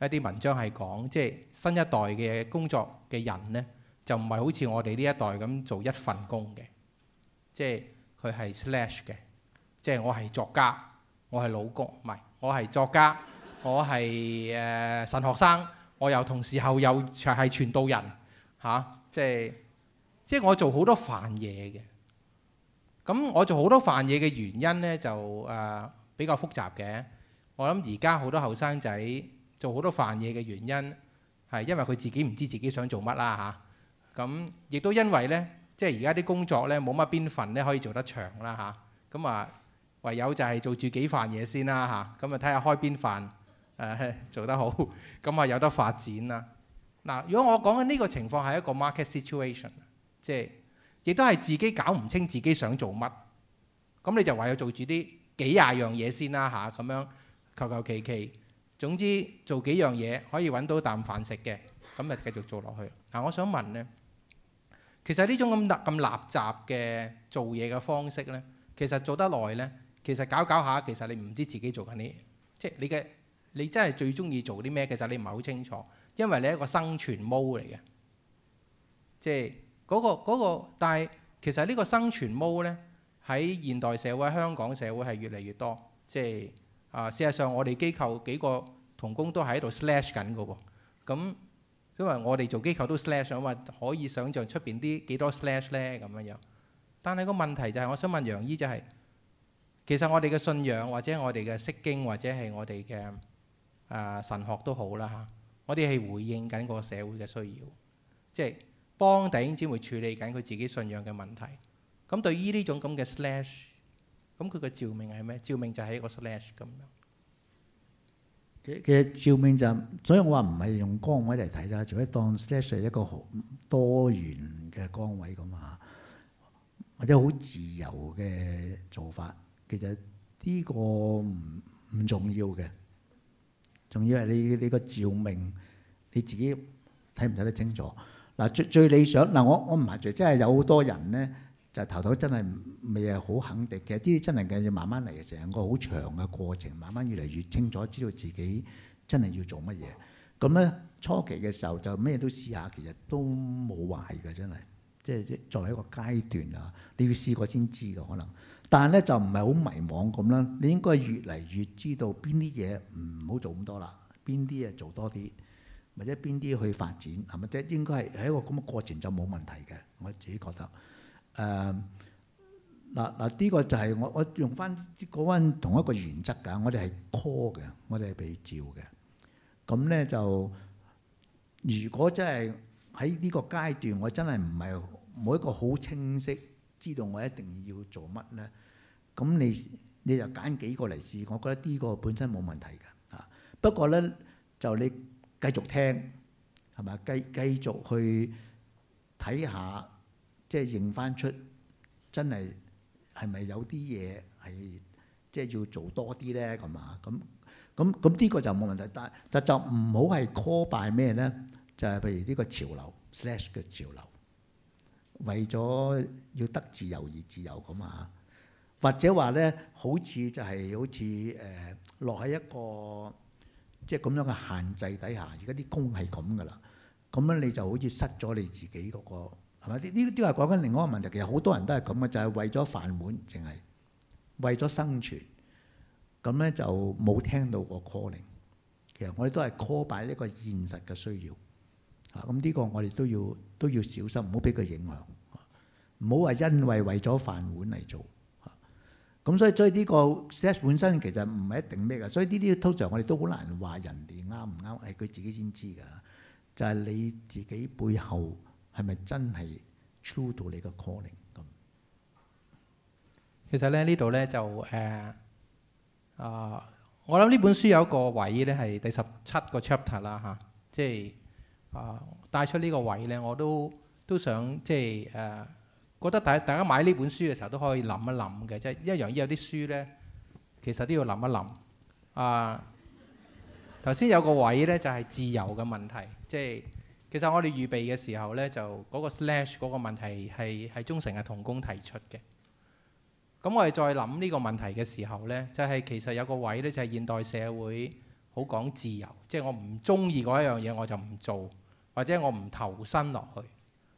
一啲文章係講，即係新一代嘅工作嘅人呢，就唔係好似我哋呢一代咁做一份工嘅，即係佢係 slash 嘅，即係我係作家，我係老公，唔係我係作家， 我係誒、呃、神學生。我又同時候又係傳道人嚇、啊，即係即係我做好多份嘢嘅。咁我做好多份嘢嘅原因呢，就誒、呃、比較複雜嘅。我諗而家好多後生仔做好多份嘢嘅原因係因為佢自己唔知自己想做乜啦嚇。咁亦都因為呢，即係而家啲工作呢，冇乜邊份咧可以做得長啦嚇。咁啊，啊唯有就係做住幾份嘢先啦、啊、嚇。咁啊睇下開邊份。誒，做得好，咁啊有得發展啦。嗱，如果我講緊呢個情況係一個 market situation，即係亦都係自己搞唔清自己想做乜，咁你就話要做住啲幾廿樣嘢先啦吓，咁樣求求其其，總之做幾樣嘢可以揾到啖飯食嘅，咁就繼續做落去。嗱、啊，我想問呢，其實呢種咁咁垃雜嘅做嘢嘅方式呢，其實做得耐呢，其實搞搞下其實你唔知自己做緊啲，即係你嘅。你真係最中意做啲咩？其實你唔係好清楚，因為你係一個生存 mode 嚟嘅，即係嗰個嗰個。但係其實呢個生存 mode 咧，喺現代社會、香港社會係越嚟越多。即係啊，事實上我哋機構幾個同工都喺度 slash 緊嘅喎。咁因為我哋做機構都 slash，想話可以想像出面啲幾多 slash 咧咁樣樣。但係個問題就係，我想問楊醫就係其實我哋嘅信仰或者我哋嘅識經或者係我哋嘅。誒、啊、神學都好啦嚇、啊，我哋係回應緊個社會嘅需要，即係幫弟兄姊妹處理緊佢自己信仰嘅問題。咁對於呢種咁嘅 slash，咁佢嘅召命係咩？召命就係一個 slash 咁樣。其實其實召命就是，所以我話唔係用崗位嚟睇啦，除非當 slash 係一個好多元嘅崗位咁啊，或者好自由嘅做法。其實呢個唔唔重要嘅。仲要係你你個照明你自己睇唔睇得清楚？嗱，最最理想嗱，我我唔排除，真係有好多人咧就頭頭真係未係好肯定嘅。啲真係嘅要慢慢嚟嘅，成個好長嘅過程，慢慢越嚟越清楚，知道自己真係要做乜嘢。咁咧初期嘅時候就咩都試下，其實都冇壞嘅，真係即係即作為一個階段啊，你要試過先知嘅可能。但係咧就唔係好迷茫咁啦，你應該越嚟越知道邊啲嘢唔好做咁多啦，邊啲嘢做多啲，或者邊啲去發展係咪啫？應該係喺一個咁嘅過程就冇問題嘅，我自己覺得。誒嗱嗱，呢、呃呃這個就係我我用翻講翻同一個原則㗎。我哋係 call 嘅，我哋係被召嘅。咁呢就如果真係喺呢個階段，我真係唔係冇一個好清晰知道我一定要做乜呢？咁你你就揀幾個嚟試，我覺得呢個本身冇問題㗎嚇。不過呢，就你繼續聽係咪？繼繼續去睇下，即係認翻出真係係咪有啲嘢係即係要做多啲呢？咁啊？咁咁咁呢個就冇問題，但就唔好係 call by 咩呢？就係譬如呢個潮流 slash 嘅潮流，為咗要得自由而自由咁啊！或者話咧，好似就係、是、好似誒、呃、落喺一個即係咁樣嘅限制底下。而家啲工係咁㗎啦，咁樣你就好似失咗你自己嗰個係嘛？呢啲都係講緊另外一個問題。其實好多人都係咁嘅，就係、是、為咗飯碗，淨係為咗生存。咁咧就冇聽到過 calling。其實我哋都係 call by 一個現實嘅需要嚇。咁、啊、呢、嗯這個我哋都要都要小心，唔好俾佢影響，唔好話因為為咗飯碗嚟做。咁、嗯、所以所以呢個 test 本身其實唔係一定咩㗎，所以呢啲通常我哋都好難話人哋啱唔啱，係佢自己先知㗎。就係、是、你自己背後係咪真係 true 到你個 calling 咁？其實咧呢度咧就誒啊、呃呃，我諗呢本書有一個位咧係第十七個 chapter 啦嚇、啊，即係啊、呃、帶出呢個位咧，我都都想即係誒。呃覺得大大家買呢本書嘅時候都可以諗一諗嘅，即係一樣。而有啲書呢，其實都要諗一諗。啊，頭先有個位呢，就係自由嘅問題，即係其實我哋預備嘅時候呢，就嗰個 slash 嗰個問題係係忠誠嘅同工提出嘅。咁我哋再諗呢個問題嘅時候呢，就係其實有個位呢，就係現代社會好講自由，即係我唔中意嗰一樣嘢我就唔做，或者我唔投身落去。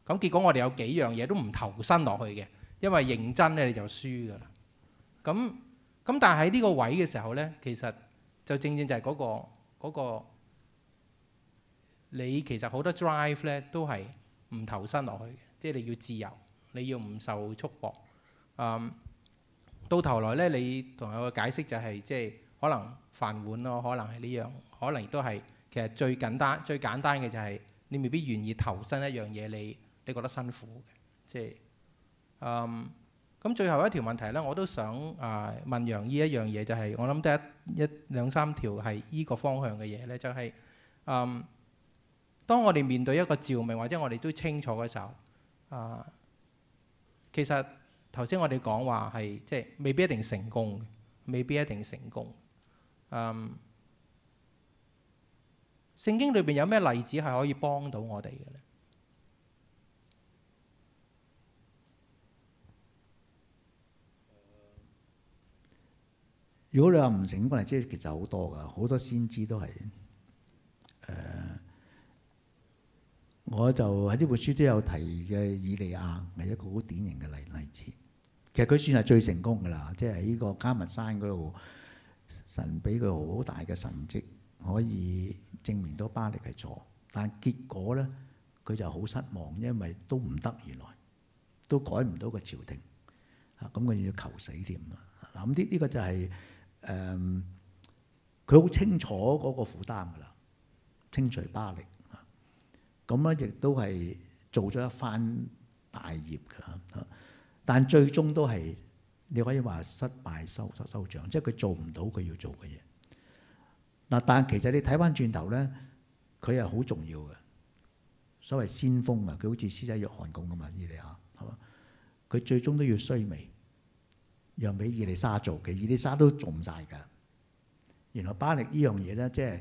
咁結果我哋有幾樣嘢都唔投身落去嘅，因為認真咧你就輸㗎啦。咁咁但係喺呢個位嘅時候咧，其實就正正就係嗰個嗰個你其實好多 drive 咧都係唔投身落去嘅，即係你要自由，你要唔受束縛。嗯，到頭來咧你同我個解釋就係即係可能飯碗咯，可能係呢樣，可能亦都係其實最簡單最簡單嘅就係你未必願意投身一樣嘢你。你覺得辛苦嘅，即係嗯，咁最後一條問題呢，我都想啊問楊醫一樣嘢，就係我諗得一一兩三條係呢個方向嘅嘢呢，就係嗯，當我哋面對一個召命或者我哋都清楚嘅時候啊，其實頭先我哋講話係即係未必一定成功，未必一定成功。嗯，聖經裏邊有咩例子係可以幫到我哋嘅呢？如果你話唔成功嗰啲，即係其實好多㗎，好多先知都係誒、呃，我就喺呢本書都有提嘅以利亞，係一個好典型嘅例例子。其實佢算係最成功㗎喇，即係喺個迦密山嗰度，神俾佢好大嘅神跡，可以證明到巴力係錯。但係結果咧，佢就好失望，因為都唔得原來，都改唔到個朝廷。嚇咁佢要求死添啊！咁呢呢個就係、是、～誒，佢好、嗯、清楚嗰個負擔㗎啦，清除巴力，咁、啊、咧亦都係做咗一番大業㗎、啊，但最終都係你可以話失敗收收收場，即係佢做唔到佢要做嘅嘢。嗱、啊，但係其實你睇返轉頭咧，佢係好重要嘅，所謂先鋒啊，佢好似施洗約翰咁啊嘛，以利亞嚇，係嘛，佢最終都要衰微。讓俾以利沙做嘅，以利沙都做唔晒㗎。原來巴力呢樣嘢咧，即係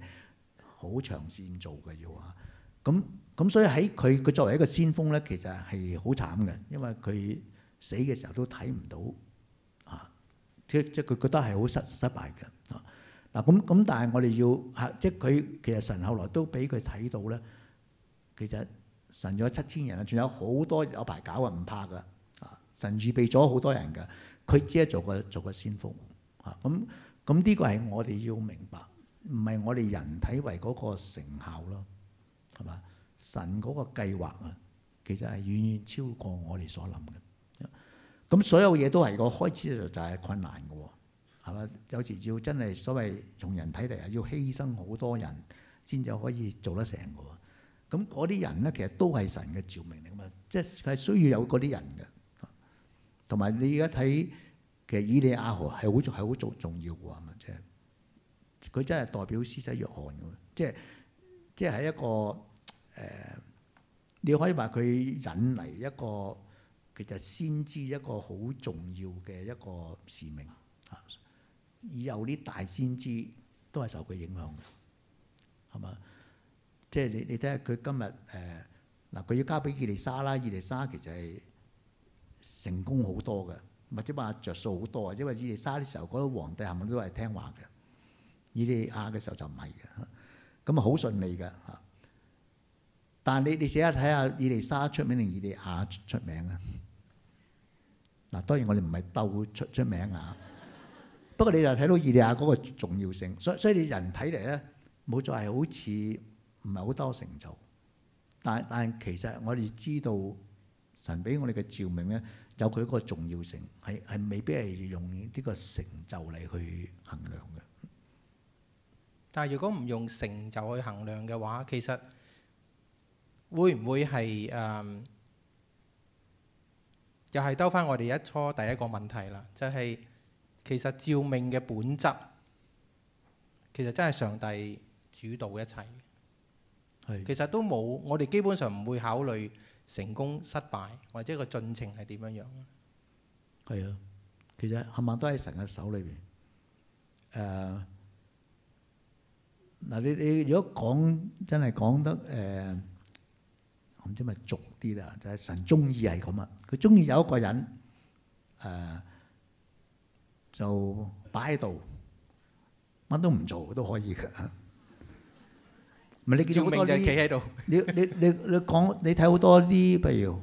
好長線做嘅要啊。咁咁所以喺佢佢作為一個先鋒咧，其實係好慘嘅，因為佢死嘅時候都睇唔到啊。即即佢覺得係好失失敗嘅啊。嗱咁咁，但係我哋要嚇，啊，即係佢其實神後來都俾佢睇到咧。其實神有七千人啊，仲有好多有排搞啊，唔怕㗎啊。神預備咗好多人㗎。佢只係做個做個先鋒嚇，咁咁呢個係我哋要明白，唔係我哋人睇為嗰個成效咯，係嘛？神嗰個計劃啊，其實係遠遠超過我哋所諗嘅。咁所有嘢都係個開始就就係困難嘅，係嘛？有時要真係所謂從人體嚟啊，要犧牲好多人先至可以做得成嘅。咁嗰啲人咧，其實都係神嘅召命嚟㗎嘛，即係需要有嗰啲人嘅。同埋你而家睇，其實以利亞何係好係好重重要㗎嘛？即係佢真係代表施洗約翰，㗎即係即係喺一個誒、呃，你可以話佢引嚟一個其實先知一個好重要嘅一個使命啊！以後啲大先知都係受佢影響嘅，係嘛？即係你你睇下佢今日誒嗱，佢、呃、要交俾以利沙啦，以利沙其實係。成功好多嘅，或者話著數好多，因為以利沙嘅時候嗰個皇帝係咪都係聽話嘅？以利亞嘅時候就唔係嘅，咁啊好順利嘅嚇。但係你你試下睇下以利沙出名定以利亞出名啊？嗱，當然我哋唔係鬥出出名啊，不過你就睇到以利亞嗰個重要性，所所以你人睇嚟咧冇再係好似唔係好多成就，但但係其實我哋知道。神畀我哋嘅召命呢，有佢一個重要性，係係未必係用呢個成就嚟去衡量嘅。但係如果唔用成就去衡量嘅話，其實會唔會係誒？又係兜返我哋一初第一個問題啦，就係其實召命嘅本質，其實真係上帝主導一切。係，其實都冇，我哋基本上唔會考慮。成功、失敗或者個進程係點樣樣？係啊，其實冚唪唥都喺神嘅手裏邊。誒、呃，嗱你你如果講真係講得誒、呃，我唔知咪俗啲啦，就係、是、神鍾意係咁啊！佢鍾意有一個人誒、呃，就擺喺度，乜都唔做都可以嘅。唔係你見到好多啲，你 你你你講你睇好多啲，譬如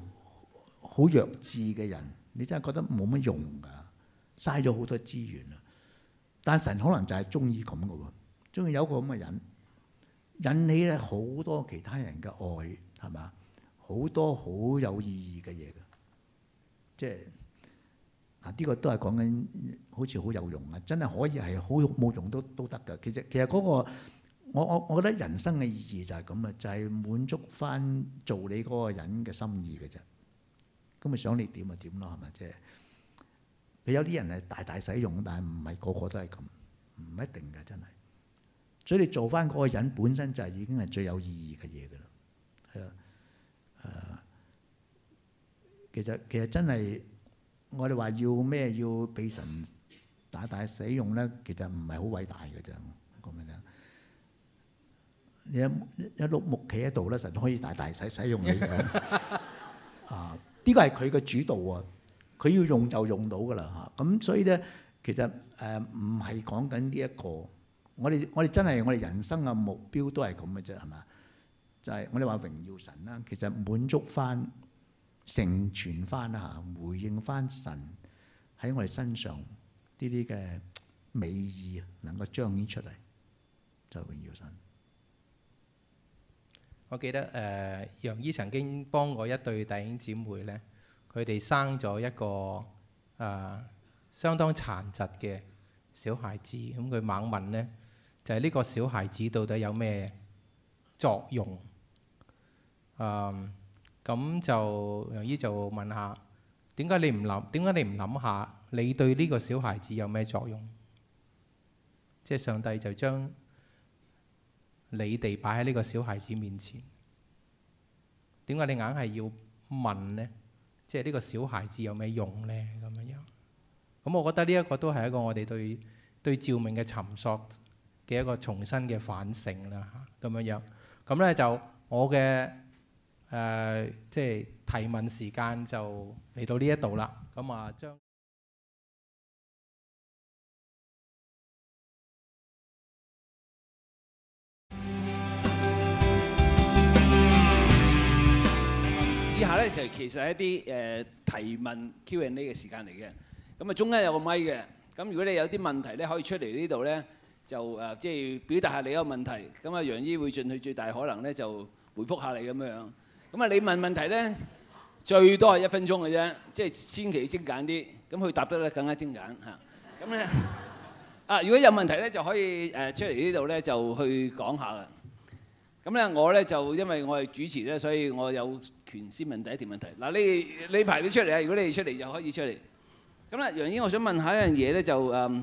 好弱智嘅人，你真係覺得冇乜用㗎，嘥咗好多資源啊！但神可能就係中意咁嘅喎，中意有個咁嘅人，引起咧好多其他人嘅愛係嘛，好多好有意義嘅嘢嘅，即係嗱呢個都係講緊好似好有用啊！真係可以係好冇用都都得㗎。其實其實嗰個。我我我覺得人生嘅意義就係咁啊，就係滿足翻做你嗰個人嘅心意嘅啫。咁咪想你點就點咯，係咪？即係你有啲人係大大使用，但係唔係個個都係咁，唔一定嘅，真係。所以你做翻嗰個人本身就係已經係最有意義嘅嘢嘅啦。係啊，誒，其實其實真係我哋話要咩要俾神大大使用咧，其實唔係好偉大嘅啫。你一一碌木企喺度咧，神可以大大使使用你咁 啊！呢、呢個係佢嘅主導啊，佢要用就用到噶啦嚇。咁、啊、所以咧，其實誒唔係講緊呢一個，我哋我哋真係我哋人生嘅目標都係咁嘅啫，係嘛？就係、是、我哋話榮耀神啦，其實滿足翻、成全翻啊回應翻神喺我哋身上呢啲嘅美意，能夠彰顯出嚟，就榮、是、耀神。我記得誒、呃，楊醫曾經幫過一對弟兄姊妹呢，佢哋生咗一個誒、呃、相當殘疾嘅小孩子。咁、嗯、佢猛問呢，就係、是、呢個小孩子到底有咩作用？誒、嗯，咁就楊醫就問下，點解你唔諗？點解你唔諗下，你對呢個小孩子有咩作用？即、就、係、是、上帝就將。你哋擺喺呢個小孩子面前，點解你硬係要問呢？即係呢個小孩子有咩用呢？咁樣樣咁，我覺得呢一個都係一個我哋對對召命嘅尋索嘅一個重新嘅反省啦嚇。咁樣樣咁咧，就我嘅誒、呃，即係提問時間就嚟到呢一度啦。咁啊，將。以下咧就其實係一啲誒、呃、提問 Q and A 嘅時間嚟嘅，咁啊中間有個咪嘅，咁如果你有啲問題咧，可以出嚟呢度咧，就誒、呃、即係表達下你個問題，咁啊楊醫會盡去最大可能咧就回覆下你咁樣，咁啊你問問題咧，最多係一分鐘嘅啫，即係千祈精簡啲，咁佢答得咧更加精簡嚇，咁咧啊，啊如果有問題咧就可以誒出嚟呢度咧就去講下啦。咁咧，我咧就因為我係主持咧，所以我有權先問第一條問題。嗱，你你排唔出嚟啊？如果你出嚟，就可以出嚟。咁咧，楊醫，我想問下一樣嘢咧，就誒，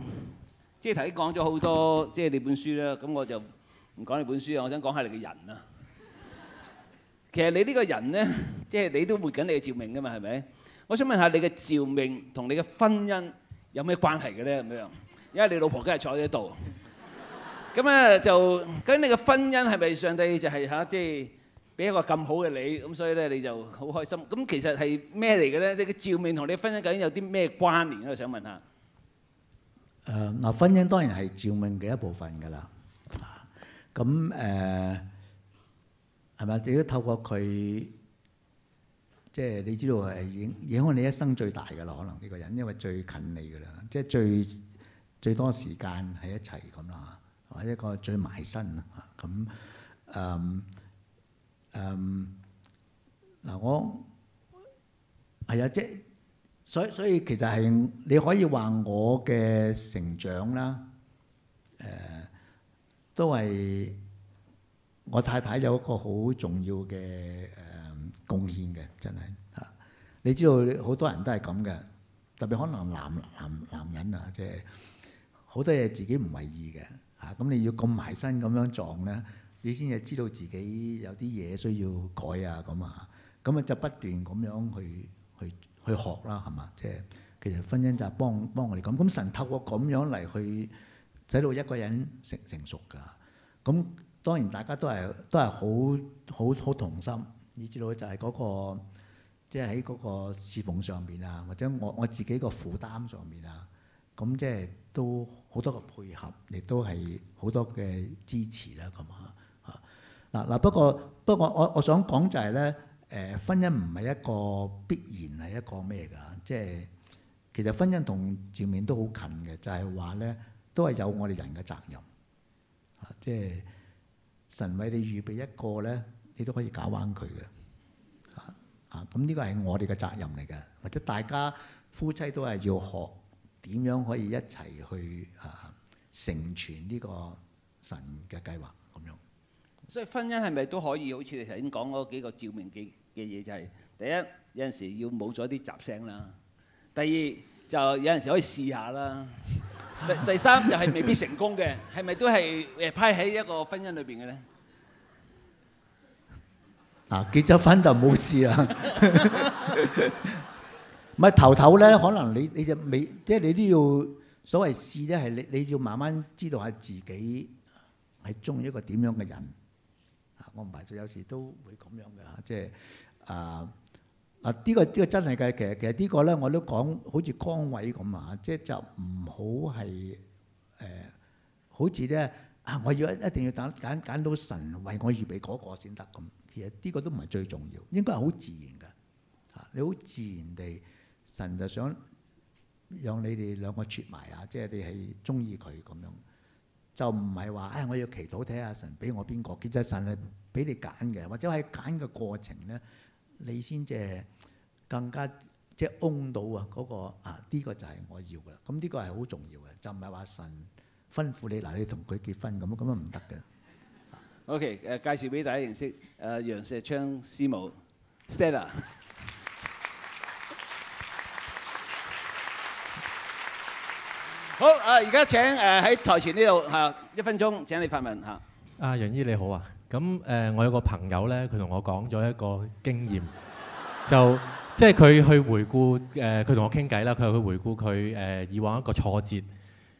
即係頭先講咗好多，即係你本書啦。咁我就唔講你本書啊，我想講下你嘅人啦。 其實你呢個人咧，即係你都活緊你嘅召命嘅嘛，係咪？我想問下你嘅召命同你嘅婚姻有咩關係嘅咧？咁樣，因為你老婆今日坐喺度。咁咧就究竟你個婚姻係咪上帝就係、是、嚇，即係俾一個咁好嘅你，咁所以咧你就好開心。咁其實係咩嚟嘅咧？你嘅召命同你婚姻究竟有啲咩關聯咧？我想問下。誒、呃，嗱、呃，婚姻當然係召命嘅一部分㗎啦。咁誒係咪？你、啊、都透過佢，即、就、係、是、你知道係影影響你一生最大嘅啦。可能呢個人，因為最近你㗎啦，即、就、係、是、最最多時間喺一齊咁啦。或者個最埋身啊，咁誒誒嗱，我係啊，即係，所以所以其實係你可以話我嘅成長啦，誒都係我太太有一個好重要嘅誒貢獻嘅，真係嚇。你知道好多人都係咁嘅，特別可能男男男人啊，即係好多嘢自己唔為意嘅。咁你要咁埋身咁樣撞咧，你先至知道自己有啲嘢需要改啊咁啊，咁啊就不斷咁樣去去去學啦，係嘛？即係其實婚姻就係幫幫我哋咁，咁神透過咁樣嚟去使到一個人成成熟㗎。咁當然大家都係都係好好好同心，你知道就係嗰個即係喺嗰個侍奉上邊啊，或者我我自己個負擔上面啊，咁即係都。好多嘅配合，亦都係好多嘅支持啦咁啊！嗱、啊、嗱，不過不過我我想講就係、是、咧，誒、呃、婚姻唔係一個必然係一個咩㗎？即、就、係、是、其實婚姻同召命都好近嘅，就係話咧都係有我哋人嘅責任啊！即係神為你預備一個咧，你都可以搞彎佢嘅啊啊！咁呢個係我哋嘅責任嚟嘅，或者大家夫妻都係要學。點樣可以一齊去啊成全呢個神嘅計劃咁樣？所以婚姻係咪都可以好似你頭先講嗰幾個照明嘅嘅嘢？就係第一有陣時要冇咗啲雜聲啦。第二就有陣時可以試下啦。第三就係未必成功嘅，係咪都係誒派喺一個婚姻裏邊嘅咧？啊結咗婚就冇事啦。唔係頭頭咧，可能你你就未，即係你都要所謂試咧，係你你要慢慢知道下自己係鍾意一個點樣嘅人啊！我唔排除有時都會咁樣嘅嚇，即係啊啊！呢、呃呢個呢、呢個真係嘅，其實其實個呢個咧我都講好似崗位咁啊，即係就唔好係誒，好似咧啊，我要一定要揀揀揀到神為我預備嗰個先得咁。其實呢個都唔係最重要，應該係好自然嘅嚇，你好自然地。神就想讓你哋兩個撮埋啊，即、就、係、是、你係中意佢咁樣，就唔係話，哎，我要祈禱睇下神俾我邊個，其實神係俾你揀嘅，或者喺揀嘅過程咧，你先即係更加即係兇到、那個、啊嗰個啊呢個就係我要啦，咁、這、呢個係好重要嘅，就唔係話神吩咐你嗱你同佢結婚咁，咁啊唔得嘅。OK，誒、呃、介紹俾大家認識，誒楊錫鏘師母，Sara。 好啊，而家請誒喺、呃、台前呢度嚇一分鐘請你發問嚇。阿、啊啊、楊醫你好啊，咁誒、呃、我有個朋友咧，佢同我講咗一個經驗， 就即係佢去回顧誒，佢、呃、同我傾偈啦，佢去回顧佢誒、呃、以往一個挫折。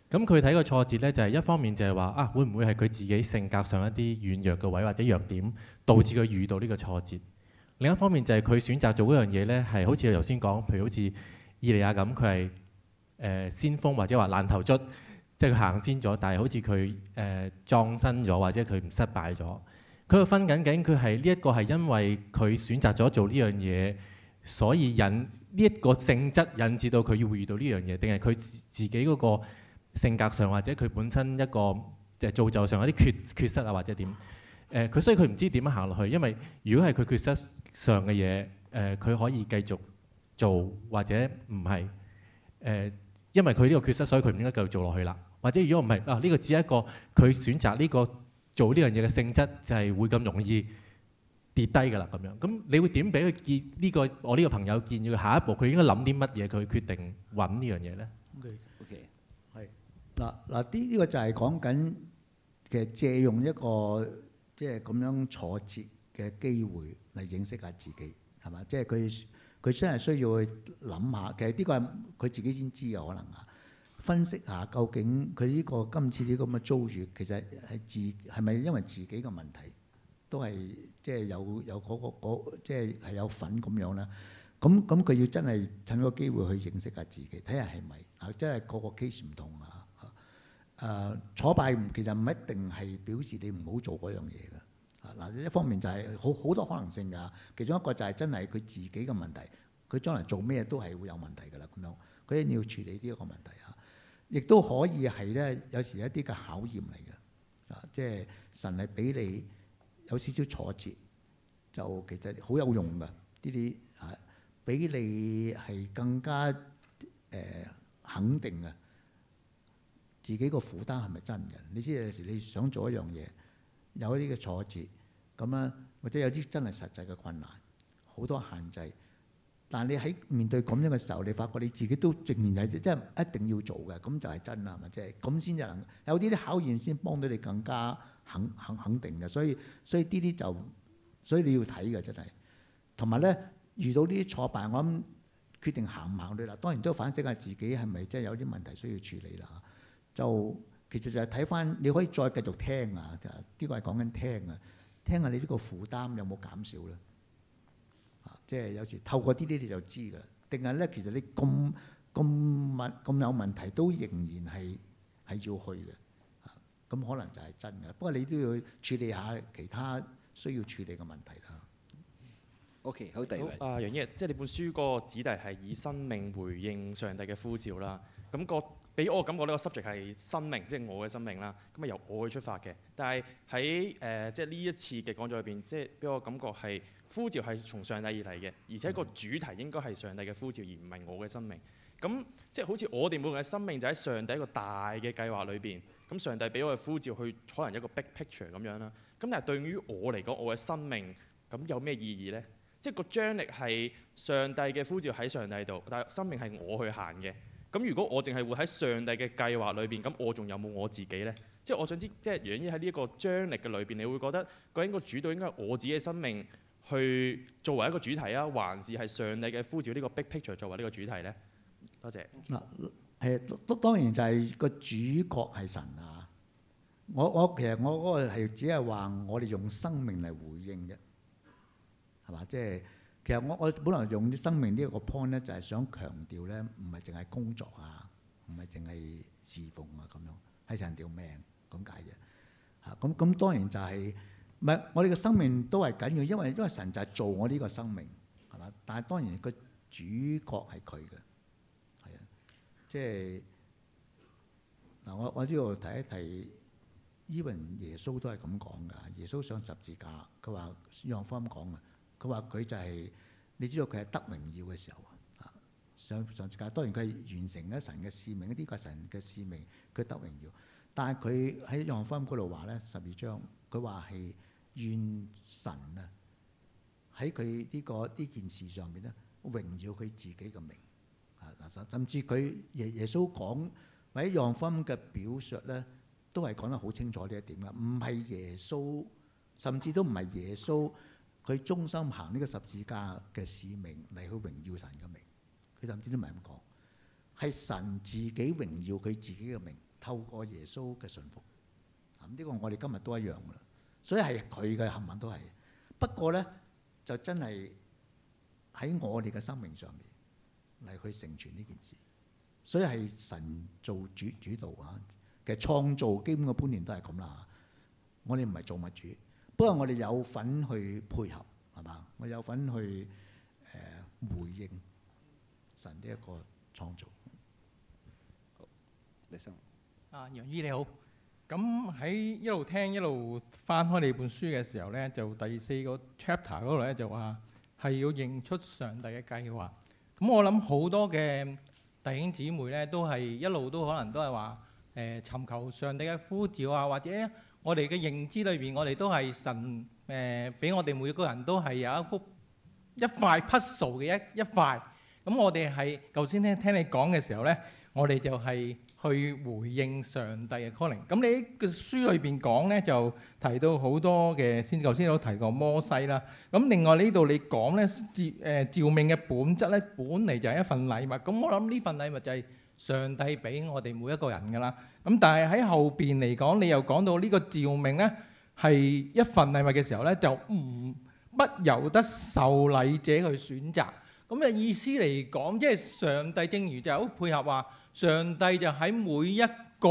咁佢睇個挫折咧，就係、是、一方面就係話、就是、啊，會唔會係佢自己性格上一啲軟弱嘅位或者弱點導致佢遇到呢個挫折？嗯、另一方面就係佢選擇做一樣嘢咧，係好似我頭先講，譬如好似伊莉亞咁，佢係。誒、呃、先鋒或者話爛頭卒，即係佢行先咗，但係好似佢誒葬身咗，或者佢唔、呃、失敗咗。佢、這個分緊境，佢係呢一個係因為佢選擇咗做呢樣嘢，所以引呢一、這個性質引致到佢要會遇到呢樣嘢，定係佢自己嗰個性格上或者佢本身一個誒造就上有啲缺缺失啊，或者點？誒、呃、佢所以佢唔知點樣行落去，因為如果係佢缺失上嘅嘢，誒、呃、佢可以繼續做或者唔係誒。呃因為佢呢個缺失，所以佢唔應該繼續做落去啦。或者如果唔係，啊呢個只係一個佢選擇呢個做呢樣嘢嘅性質，就係會咁容易跌低㗎啦。咁樣，咁你會點俾佢見呢個我呢個朋友建議佢下一步佢應該諗啲乜嘢？佢決定揾呢樣嘢咧？OK，係嗱嗱啲呢個就係講緊其實借用一個即係咁樣挫折嘅機會嚟認識下自己，係嘛？即係佢。佢真係需要去諗下，其實呢個係佢自己先知有可能啊。分析下究竟佢呢、這個今次啲咁嘅遭遇其實係自係咪因為自己嘅問題，都係即係有有嗰、那個嗰即係係有份咁樣啦。咁咁佢要真係趁個機會去認識下自己，睇下係咪啊？真係個 case 唔同啊。誒、呃，挫敗其實唔一定係表示你唔好做嗰樣嘢。嗱，一方面就係、是、好好多可能性㗎，其中一個就係真係佢自己嘅問題，佢將來做咩都係會有問題㗎啦，咁樣佢一定要處理呢一個問題啊，亦都可以係咧有時一啲嘅考驗嚟嘅，啊，即係神係俾你有少少挫折，就其實好有用㗎呢啲啊，俾你係更加誒、呃、肯定啊，自己個負擔係咪真嘅？你知有時你想做一樣嘢，有啲嘅挫折。咁啊，或者有啲真係實際嘅困難，好多限制。但你喺面對咁樣嘅時候，你發覺你自己都仍然係即係一定要做嘅，咁、嗯、就係真啦，係咪啫？咁先至能有啲啲考驗，先幫到你更加肯肯肯定嘅。所以所以呢啲就所以你要睇嘅真係同埋咧，遇到呢啲挫敗，我諗決定行唔行呢？啦，當然都反省下自己係咪即係有啲問題需要處理啦。就其實就係睇返你可以再繼續聽啊，呢、這個係講緊聽啊。聽下你呢個負擔有冇減少咧？啊，即係有時透過啲啲你就知㗎，定係咧其實你咁咁問咁有問題都仍然係係要去嘅。咁、啊啊、可能就係真嘅。不過你都要處理下其他需要處理嘅問題啦。OK，好，第二位。啊，楊醫，即、就、係、是、你本書個子題係以生命回應上帝嘅呼召啦。咁、那個。俾我感覺，呢個 subject 係生命，即係我嘅生命啦。咁啊由我去出發嘅。但係喺誒即係呢一次嘅講座入邊，即係俾我感覺係呼召係從上帝而嚟嘅，而且個主題應該係上帝嘅呼召，而唔係我嘅生命。咁即係好似我哋每個人嘅生命就喺上帝一個大嘅計劃裏邊。咁上帝俾我嘅呼召去可能一個 big picture 咁樣啦。咁但係對於我嚟講，我嘅生命咁有咩意義呢？即係個張力係上帝嘅呼召喺上帝度，但係生命係我去行嘅。咁如果我淨係活喺上帝嘅計劃裏邊，咁我仲有冇我自己呢？即係我想知，即係源於喺呢一個張力嘅裏邊，你會覺得個應該主導應該我自己嘅生命去作為一個主題啊，還是係上帝嘅呼召呢個 big picture 作為呢個主題呢？多謝。嗱，誒都當然就係、是、個主角係神啊！我我其實我嗰個係只係話我哋用生命嚟回應嘅，係嘛？即、就、係、是。其實我我本來用啲生命呢一個 point 咧，就係、是、想強調咧，唔係淨係工作啊，唔係淨係侍奉啊咁樣，係神召命咁解嘅嚇。咁、這、咁、個、當然就係唔係我哋嘅生命都係緊要，因為因為神就係做我呢個生命係嘛。但係當然個主角係佢嘅，係啊、就是，即係嗱我我呢度提一提，even 耶穌都係咁講㗎。耶穌上十字架，佢話讓方音講啊。佢話佢就係、是、你知道佢係得榮耀嘅時候啊！上上主教當然佢係完成咗神嘅使命，呢、這個係神嘅使命，佢得榮耀。但係佢喺楊福音嗰度話咧，十二章佢話係願神啊、這個！喺佢呢個呢件、這個、事上面咧，榮耀佢自己嘅名啊！甚至佢耶耶穌講喺楊福音嘅表述咧，都係講得好清楚呢一點啦。唔係耶穌，甚至都唔係耶穌。佢忠心行呢個十字架嘅使命嚟去榮耀神嘅名。佢甚至都唔係咁講，係神自己榮耀佢自己嘅名，透過耶穌嘅信服。咁、這、呢個我哋今日都一樣㗎啦，所以係佢嘅冚唪唥都係。不過咧，就真係喺我哋嘅生命上面嚟去成全呢件事。所以係神做主主導啊，其實創造基本嘅觀念都係咁啦。我哋唔係造物主。不過我哋有份去配合，係嘛？我有份去誒、呃、回應神呢一個創造。好，李生。啊，楊姨楊醫你好。咁喺一路聽一路翻開你本書嘅時候咧，就第四個 chapter 嗰度咧就話係要認出上帝嘅計劃。咁我諗好多嘅弟兄姊妹咧，都係一路都可能都係話誒尋求上帝嘅呼召啊，或者。我哋嘅認知裏邊，我哋都係神誒俾我哋每個人都係有一幅一塊 puzzle 嘅一一塊。咁我哋係頭先聽聽你講嘅時候咧，我哋就係去回應上帝嘅 calling。咁你嘅書裏邊講咧，就提到好多嘅，先頭先都提過摩西啦。咁另外呢度你講咧，召誒召命嘅本質咧，本嚟就係一份禮物。咁我諗呢份禮物就係。上帝俾我哋每一個人㗎啦，咁但係喺後邊嚟講，你又講到呢個召命呢係一份禮物嘅時候呢，就唔不由得受禮者去選擇。咁嘅意思嚟講，即係上帝正如就好配合話，上帝就喺每一個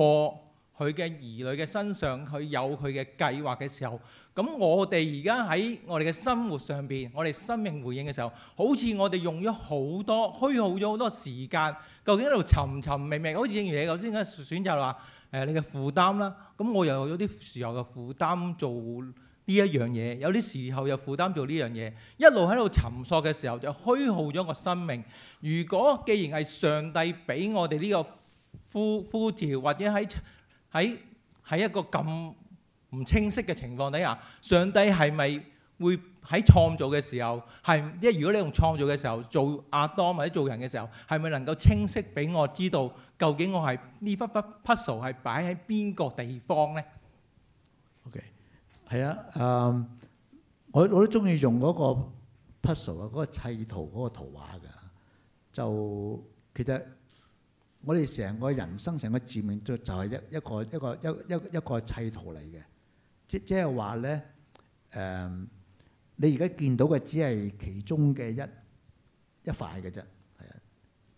佢嘅兒女嘅身上，佢有佢嘅計劃嘅時候。咁我哋而家喺我哋嘅生活上邊，我哋生命回應嘅時候，好似我哋用咗好多虛耗咗好多時間，究竟喺度尋尋覓覓？好似正如你頭先講選擇話，呃，你嘅負擔啦，咁我又有啲時候嘅負擔做呢一樣嘢，有啲時候又負擔做呢樣嘢，一路喺度尋索嘅時候就虛耗咗個生命。如果既然係上帝俾我哋呢個呼呼召，或者喺喺喺一個咁～唔清晰嘅情況底下，上帝係咪會喺創造嘅時候係？即係如果你用創造嘅時候做亞當或者做人嘅時候，係咪能夠清晰俾我知道究竟我係呢忽忽 puzzle 係擺喺邊個地方咧？OK，係啊，嗯，我我都中意用嗰個 puzzle 啊，嗰個砌圖嗰個圖畫嘅，就其實我哋成個人生成個召命就就係一一個一個一個一個一個砌圖嚟嘅。即即係話咧，誒、呃，你而家見到嘅只係其中嘅一一塊嘅啫，係啊，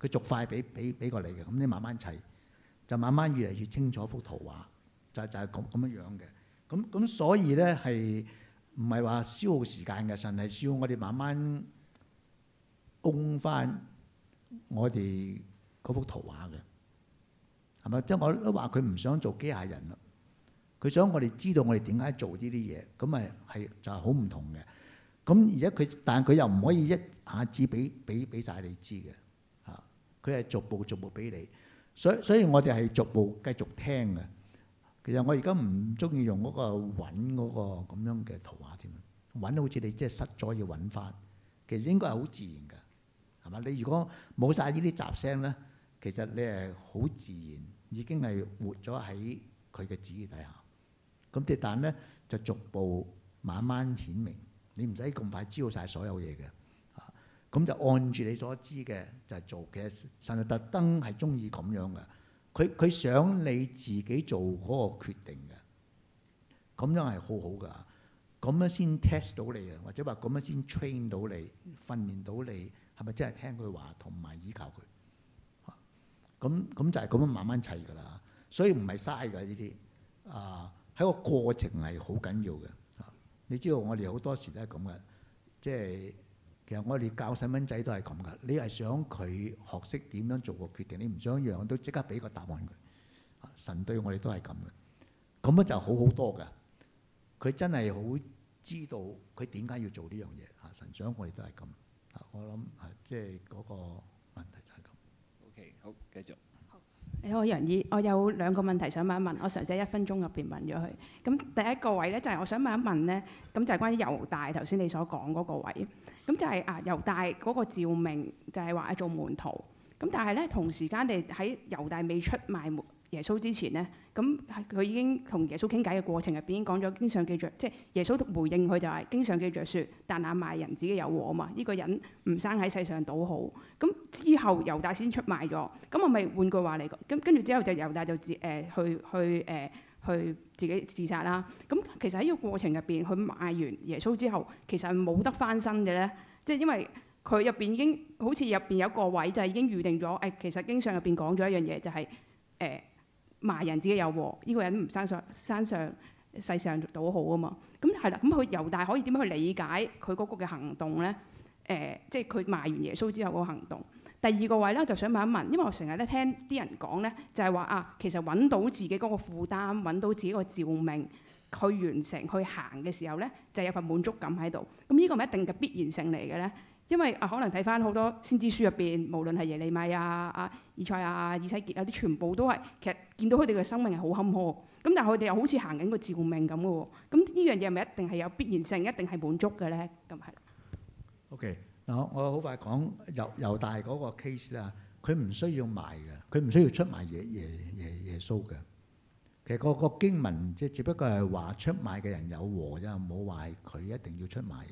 佢逐塊俾俾俾過你嘅，咁你慢慢砌，就慢慢越嚟越清楚幅圖畫，就係、就係咁咁樣樣嘅，咁咁所以咧係唔係話消耗時間嘅，神係需要我哋慢慢供翻我哋嗰幅圖畫嘅，係咪？即我都話佢唔想做機械人啦。佢想我哋知道我哋點解做呢啲嘢，咁咪係就係好唔同嘅。咁而且佢，但係佢又唔可以一下子俾俾俾晒你知嘅。嚇，佢係逐步逐步俾你。所所以，我哋係逐步繼續聽嘅。其實我而家唔中意用嗰個揾嗰個咁樣嘅圖畫添，揾好似你即係失咗要揾翻。其實應該係好自然嘅，係嘛？你如果冇晒呢啲雜聲咧，其實你係好自然，已經係活咗喺佢嘅旨意底下。咁跌但咧就逐步慢慢顯明，你唔使咁快知道晒所有嘢嘅啊。咁就按住你所知嘅就係、是、做嘅。神就特登係中意咁樣嘅，佢佢想你自己做嗰個決定嘅咁樣係好好㗎，咁、啊、樣先 test 到你啊，或者話咁樣先 train 到你、訓練到你係咪真係聽佢話同埋依靠佢？咁、啊、咁就係咁樣慢慢砌㗎啦。所以唔係嘥㗎呢啲啊。喺個過程係好緊要嘅，你知道我哋好多時都係咁嘅，即係其實我哋教細蚊仔都係咁嘅。你係想佢學識點樣做個決定，你唔想讓都即刻俾個答案佢。神對我哋都係咁嘅，咁樣就好好多㗎。佢真係好知道佢點解要做呢樣嘢。神想我哋都係咁。我諗啊，即係嗰個問題就係咁。OK，好，繼續。你好，楊醫。我有兩個問題想問一問，我嘗試一分鐘入邊問咗佢。咁第一個位咧就係我想問一問咧，咁就係關於猶大頭先你所講嗰個位，咁就係、是、啊猶大嗰個召命就係話做門徒。咁但係咧，同時間哋喺猶大未出賣耶穌之前咧，咁佢已經同耶穌傾偈嘅過程入邊已經講咗，經常記着，即係耶穌回應佢就係經常記着説：但亞賣人子嘅有禍啊嘛！呢、這個人唔生喺世上倒好。咁之後猶大先出賣咗，咁我咪換句話嚟講，咁跟住之後就猶大就自誒、呃、去、呃、去誒、呃、去自己自殺啦。咁其實喺呢個過程入邊，佢賣完耶穌之後，其實冇得翻身嘅咧，即係因為。佢入邊已經好似入邊有一個位就係已經預定咗。誒、哎，其實經上入邊講咗一樣嘢就係誒賣人自己有禍，呢、這個人唔生上山上世上倒好啊嘛。咁係啦，咁佢猶大可以點樣去理解佢嗰個嘅行動咧？誒、呃，即係佢賣完耶穌之後嘅行動。第二個位咧，就想問一問，因為我成日咧聽啲人講咧，就係、是、話啊，其實揾到自己嗰個負擔，揾到自己個召命，去完成去行嘅時候咧，就有份滿足感喺度。咁、嗯、呢、這個咪一定嘅必然性嚟嘅咧？因為啊，可能睇翻好多先知書入邊，無論係耶利米啊、啊以賽啊、以西結啊，啲全部都係其實見到佢哋嘅生命係好坎坷，咁但係佢哋又好似行緊個召命咁嘅喎。咁呢樣嘢係咪一定係有必然性、一定係滿足嘅咧？咁係。OK，嗱我好快講猶猶大嗰個 case 啦。佢唔需要賣嘅，佢唔需要出賣耶耶耶耶穌嘅。其實個個經文即係只不過係話出賣嘅人有禍啫，冇話係佢一定要出賣。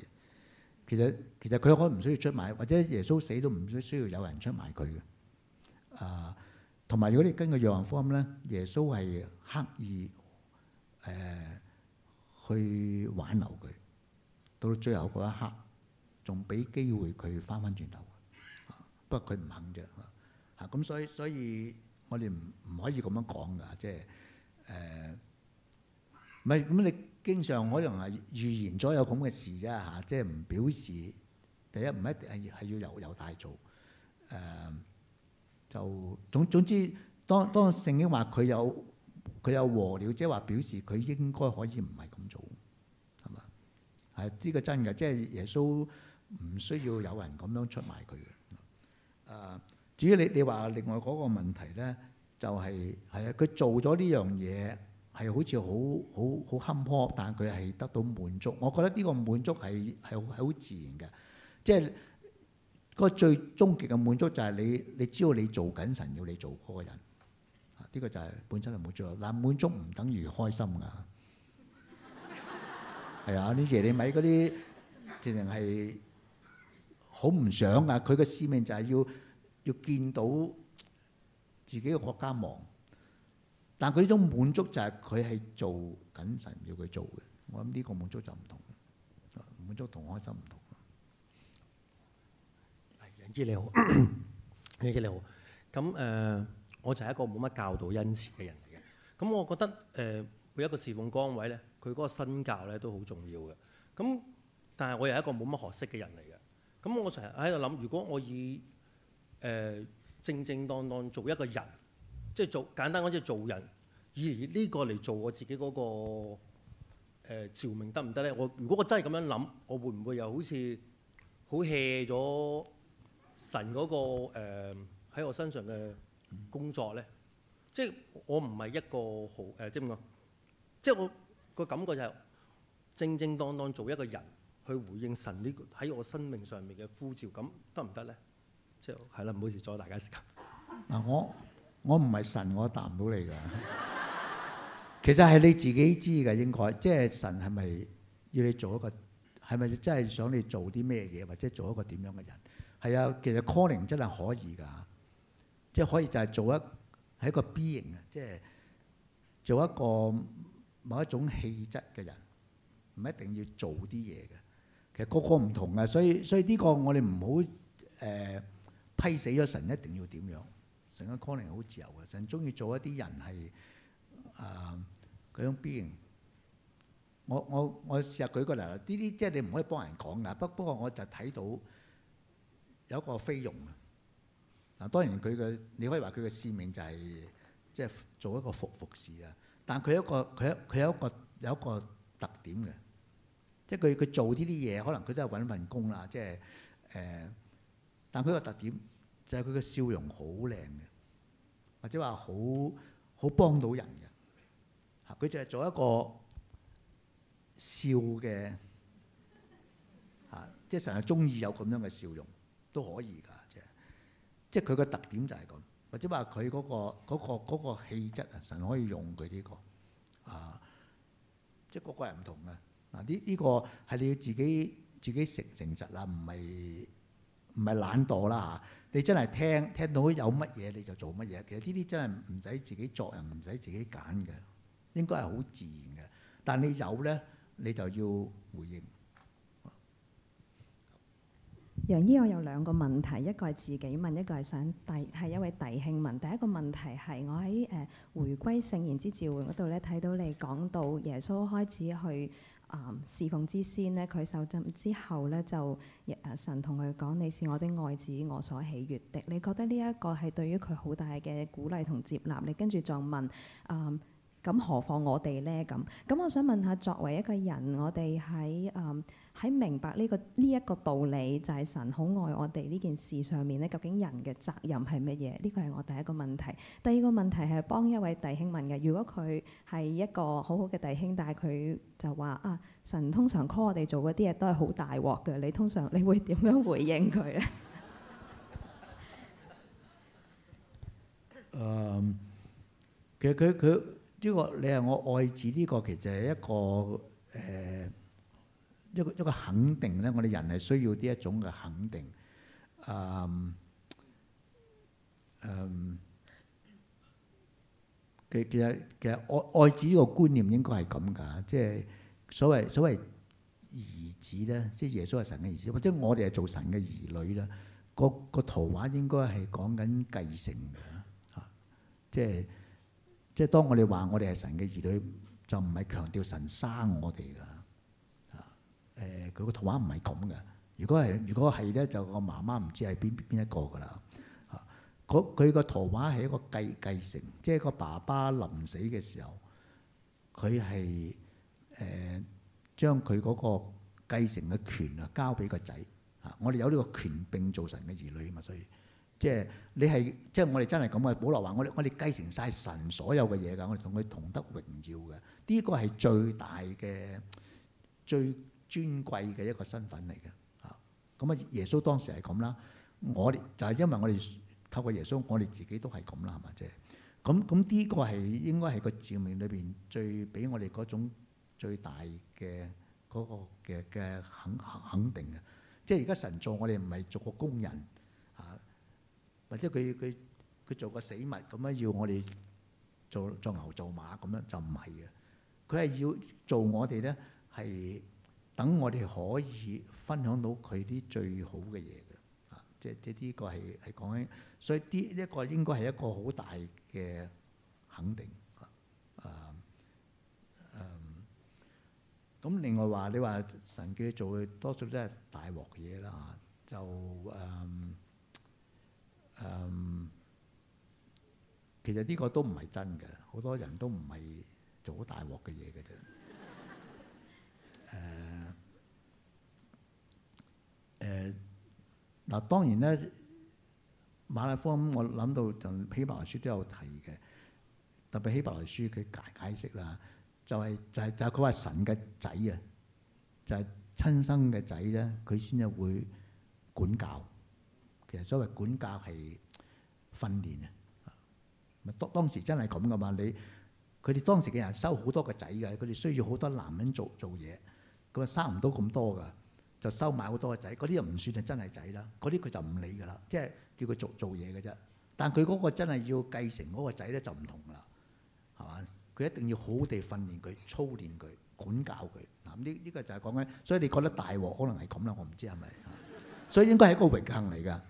其實其實佢可唔需要出賣，或者耶穌死都唔需需要有人出賣佢嘅。啊，同埋如果你根據約翰福音咧，耶穌係刻意誒、呃、去挽留佢，到最後嗰一刻仲俾機會佢翻翻轉頭、啊。不過佢唔肯啫。嚇、啊、咁所以所以我哋唔唔可以咁樣講㗎，即係誒唔係咁你。經常可能係預言咗有咁嘅事啫，嚇、啊，即係唔表示第一唔一定係係要猶猶大做誒、呃，就總總之，當當聖經話佢有佢有禍了，即係話表示佢應該可以唔係咁做，係咪係呢個真嘅？即係耶穌唔需要有人咁樣出賣佢嘅誒。至於你你話另外嗰個問題咧，就係係啊，佢做咗呢樣嘢。係好似好好好坎坷，但佢係得到滿足。我覺得呢個滿足係係好自然嘅，即係嗰個最終極嘅滿足就係你，你知道你做緊神要你做嗰個人，啊，呢個就係本身嘅滿足。嗱，滿足唔等於開心㗎，係啊， 啲耶利米嗰啲直情係好唔想啊！佢嘅使命就係要要見到自己嘅國家亡。但佢呢種滿足就係佢係做緊神要佢做嘅，我諗呢個滿足就唔同，滿足同開心唔同。楊醫你好，楊醫 你好，咁誒、呃，我就係一個冇乜教導恩賜嘅人嚟嘅。咁我覺得誒、呃，每一個侍奉崗位咧，佢嗰個身教咧都好重要嘅。咁但係我又係一個冇乜學識嘅人嚟嘅。咁我成日喺度諗，如果我以誒、呃、正正當、當當做一個人。即係做簡單講，即係做人以呢個嚟做我自己嗰個誒召命得唔得咧？我如果我真係咁樣諗，我會唔會又好似好 hea 咗神嗰個喺我身上嘅工作咧？即係我唔係一個好誒點講？即係我個感覺就係正正當當做一個人去回應神呢喺我生命上面嘅呼召，咁得唔得咧？即係係啦，唔好意思，阻大家時間嗱我。我唔係神，我答唔到你㗎。 其實係你自己知㗎，應該，即係神係咪要你做一個？係咪真係想你做啲咩嘢，或者做一個點樣嘅人？係啊，其實 calling 真係可以㗎，即係可以就係做一係一個 being 啊。即係做一個某一種氣質嘅人，唔一定要做啲嘢嘅。其實個個唔同嘅，所以所以呢個我哋唔好誒批死咗神一定要點樣？成個 calling 好自由嘅，成中意做一啲人係誒嗰種 B 型。我我我試下舉個例，呢啲即係你唔可以幫人講噶。不不過我就睇到有個菲傭啊。嗱，當然佢嘅，你可以話佢嘅使命就係即係做一個服服侍啊。但佢一個佢佢有一個，有，有，一個有一個特點嘅，即係佢佢做呢啲嘢，可能佢都係揾份工啦。即係誒，呃，但佢個特點就係佢嘅笑容好靚嘅。或者話好好幫到人嘅，嚇、啊、佢就係做一個笑嘅嚇、啊，即係神係鍾意有咁樣嘅笑容都可以㗎，即係即係佢個特點就係咁，或者話佢嗰個嗰、嗰個嗰氣質啊，神可以用佢呢、呢個啊，即係個、啊個係唔同嘅，嗱呢呢個係你要自己自己誠誠實實啦，唔係唔係懶惰啦嚇。啊。你真係聽聽到有乜嘢你就做乜嘢，其實呢啲真係唔使自己作，又唔使自己揀嘅，應該係好自然嘅。但你有呢，你就要回應。楊醫，我有兩個問題，一個係自己問，一個係想弟係一位弟兄問。第一個問題係我喺誒回歸聖言之召喚嗰度呢，睇到你講到耶穌開始去，Um, 侍奉之先呢，佢受浸之後呢，就神同佢講：你是我的愛子，我所喜悅的。你覺得呢一個係對於佢好大嘅鼓勵同接納？你跟住再問。Um, 咁何況我哋呢？咁、嗯？咁我想問下，作為一個人，我哋喺喺明白呢、呢個呢一、呢個道理，就係、係、神好愛我哋呢件事上面呢，究竟人嘅責任係乜嘢？呢個係我第一個問題。第二個問題係幫一位弟兄問嘅，如果佢係一個好好嘅弟兄，但係佢就話啊，神通常 call 我哋做嗰啲嘢都係好大鑊嘅，你通常你會點樣回應佢呢？ um, 其實佢佢佢。呢、這個你係我愛子、這個，呢個其實係一個誒、呃、一個一個肯定咧。我哋人係需要呢一種嘅肯定。誒、嗯、誒、嗯，其實其實其實愛愛子呢個觀念應該係咁㗎，即係所謂所謂兒子咧，即係耶穌係神嘅兒子，或者我哋係做神嘅兒女啦。個個圖畫應該係講緊繼承㗎，嚇，即係。即係當我哋話我哋係神嘅兒女，就唔係強調神生我哋㗎。啊、呃，誒，佢個圖畫唔係咁嘅。如果係，如果係咧，就個媽媽唔知係邊邊一個㗎啦。嚇、呃，佢個圖畫係一個繼繼承，即係個爸爸臨死嘅時候，佢係誒將佢嗰個繼承嘅權啊交俾個仔。嚇、呃，我哋有呢個權柄做神嘅兒女啊嘛，所以。即係你係，即係我哋真係咁嘅。保羅話：我哋我哋繼承晒神所有嘅嘢㗎，我哋同佢同得榮耀嘅。呢個係最大嘅、最尊貴嘅一個身份嚟嘅。嚇，咁啊，耶穌當時係咁啦。我哋就係、是、因為我哋透過耶穌，我哋自己都係咁啦，係咪啫？咁咁呢個係應該係個召命裏邊最俾我哋嗰種最大嘅嗰、嗰個嘅嘅、嗰個嗰個、肯肯定嘅。即係而家神做，我哋唔係做個工人。或者佢佢佢做個死物咁樣要我哋做做牛做馬咁樣就唔係嘅，佢係要做我哋咧，係等我哋可以分享到佢啲最好嘅嘢嘅，啊，即即呢個係係講緊，所以啲一個應該係一個好大嘅肯定，啊，嗯、啊，咁另外話你話神記做嘅多數都係大鑊嘢啦，嚇、啊、就誒。嗯誒，um, 其實呢個都唔係真嘅，好多人都唔係做好大鑊嘅嘢嘅啫。誒誒，嗱當然咧，馬拉松我諗到就希伯來書都有提嘅，特別希伯來書佢解解釋啦，就係就係就係佢話神嘅仔啊，就係、是就是就是、親生嘅仔咧，佢先至會管教。所謂管教係訓練啊！咪當當時真係咁噶嘛？你佢哋當時嘅人收好多個仔嘅，佢哋需要好多男人做做嘢，佢啊生唔到咁多噶，就收埋好多個仔。嗰啲又唔算係真係仔啦，嗰啲佢就唔理噶啦，即係叫佢做做嘢嘅啫。但佢嗰個真係要繼承嗰個仔咧，就唔同啦，係嘛？佢一定要好地訓練佢、操練佢、管教佢。嗱呢呢個就係講緊，所以你覺得大鑊可能係咁啦，我唔知係咪。 所以應該係一個榮幸嚟㗎。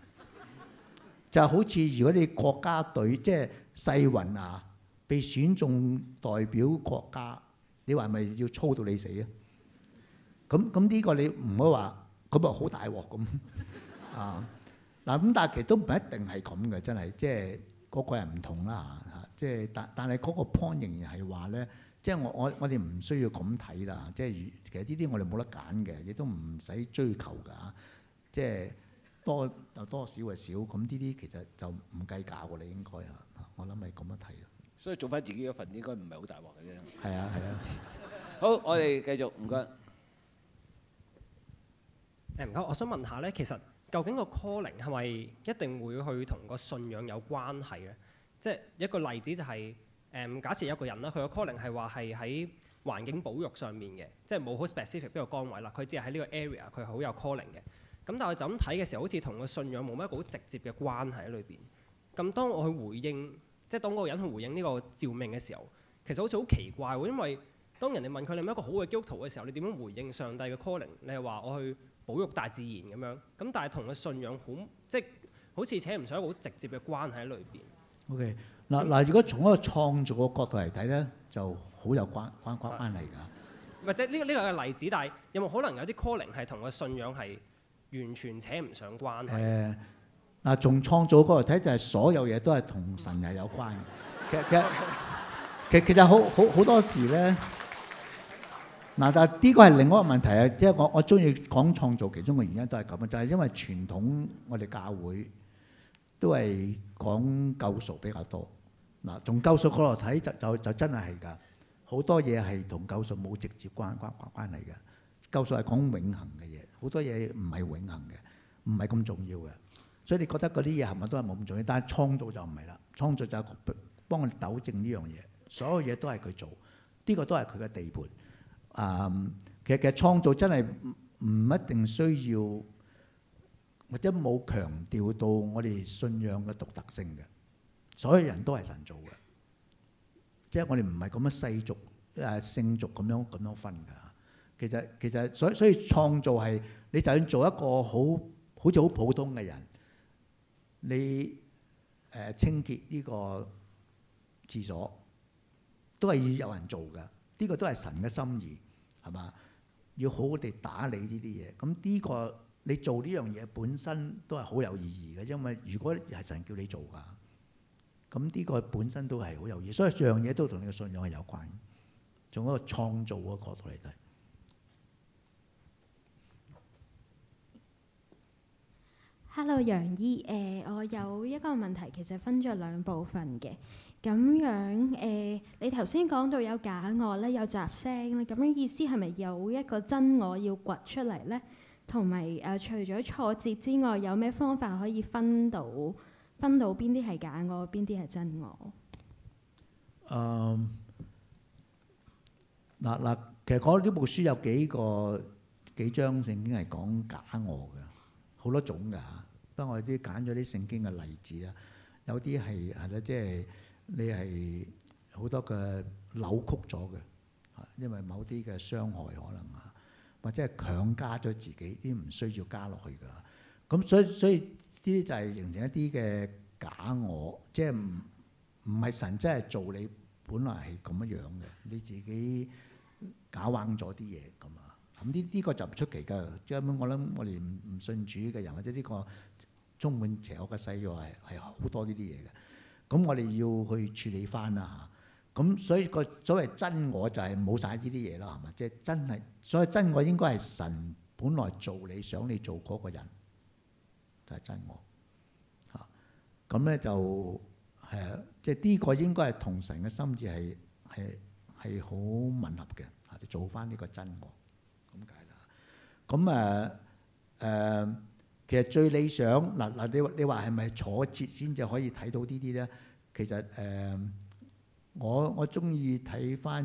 就好似如果你國家隊即係、就是、世運啊，被選中代表國家，你話咪要操到你死你 啊？咁咁呢個你唔好話，咁啊好大鑊咁啊！嗱咁，但係其實都唔一定係咁嘅，真係即係個個人唔同啦嚇。即、啊、係但但係嗰個 point 仍然係話咧，即、就、係、是、我我我哋唔需要咁睇啦。即、就、係、是、其實呢啲我哋冇得揀嘅，亦都唔使追求㗎。即、啊、係。就是多又多少，係少咁呢啲，其實就唔計較喎。你應該呀，我諗係咁樣睇。所以做翻自己嗰份，應該唔係好大鑊嘅啫。係啊，係啊。好，我哋繼續，唔該。誒唔該，我想問下咧，其實究竟個 calling 係咪一定會去同個信仰有關係咧？即係一個例子就係，誒，假設有個人啦，佢個 calling 係話係喺環境保育上面嘅，即係冇好 specific 呢個崗位啦，佢只係喺呢個 area，佢好有 calling 嘅。咁但係就咁睇嘅時候，好似同個信仰冇乜好直接嘅關係喺裏邊。咁當我去回應，即係當嗰個人去回應呢個召命嘅時候，其實好似好奇怪喎。因為當人哋問佢你係咪一個好嘅基督徒嘅時候，你點樣回應上帝嘅 calling？你係話我去保育大自然咁樣。咁但係同個信仰好，即係好似扯唔上一個好直接嘅關係喺裏邊。OK，嗱嗱，如果從一個創造嘅角度嚟睇咧，就好有關關關關關嚟㗎。 或者呢、呢個呢、呢個係例子，但係有冇可能有啲 calling 係同個信仰係？完全扯唔上關係。誒，嗱，從創造嗰度睇就係、是、所有嘢都係同神係有關嘅。。 其實 其實其實其實好好好多時咧，嗱但係呢個係另外一個問題啊！即、就、係、是、我我中意講創造其中嘅原因都係咁啊，就係、是、因為傳統我哋教會都係講救贖比較多。嗱，從救贖嗰度睇就就就真係係噶，好多嘢係同救贖冇直接關關關關係嘅，救贖係講永恒嘅。好多嘢唔係永恆嘅，唔係咁重要嘅，所以你覺得嗰啲嘢係咪都係冇咁重要？但係創造就唔係啦，創造就幫我哋糾正呢樣嘢。所有嘢都係佢做，呢、這個都係佢嘅地盤，啊、嗯，其實其實創造真係唔一定需要或者冇強調到我哋信仰嘅獨特性嘅。所有人都係神造嘅，即、就、係、是、我哋唔係咁樣世俗，誒聖俗咁樣咁樣分㗎。其實其實，所以所以創造係你就算做一個好好似好普通嘅人，你誒、呃、清潔呢個廁所，都係要有人做㗎。呢、這個都係神嘅心意，係嘛？要好好地打理呢啲嘢。咁呢、這個你做呢樣嘢本身都係好有意義嘅，因為如果係神叫你做㗎，咁呢個本身都係好有意義。所以呢樣嘢都同你嘅信仰係有關。從一個創造嘅角度嚟睇。Hello，楊姨，誒、呃，我有一個問題，其實分咗兩部分嘅，咁樣誒、呃，你頭先講到有假我咧，有雜聲咧，咁樣意思係咪有一個真我要掘出嚟咧？同埋誒，除咗挫折之外，有咩方法可以分到分到邊啲係假我，邊啲係真我？誒，嗱嗱，其實講到呢部書有幾個幾章，正經係講假我嘅，好多種㗎。當我哋啲揀咗啲聖經嘅例子啦，有啲係係啦，即係、就是、你係好多嘅扭曲咗嘅，因為某啲嘅傷害可能啊，或者係強加咗自己啲唔需要加落去嘅，咁所以所以呢啲就係形成一啲嘅假我，即係唔唔係神真係做你本來係咁樣樣嘅，你自己搞彎咗啲嘢咁啊，咁呢呢個就唔出奇嘅，即係我諗我哋唔唔信主嘅人或者呢、呢個充滿邪惡嘅世界係係好多呢啲嘢嘅，咁我哋要去處理翻啦嚇。咁所以個所謂真我就係冇晒呢啲嘢啦，係嘛？即、就、係、是、真係，所謂真我應該係神本來做你想你做嗰個人，就係、是、真我嚇。咁咧就誒，即係呢個應該係同神嘅心智係係係好吻合嘅嚇，你做翻呢個真我咁解啦。咁誒誒。呃呃其實最理想嗱嗱，你你話係咪挫折先就可以睇到呢啲咧？其實誒、呃，我我中意睇翻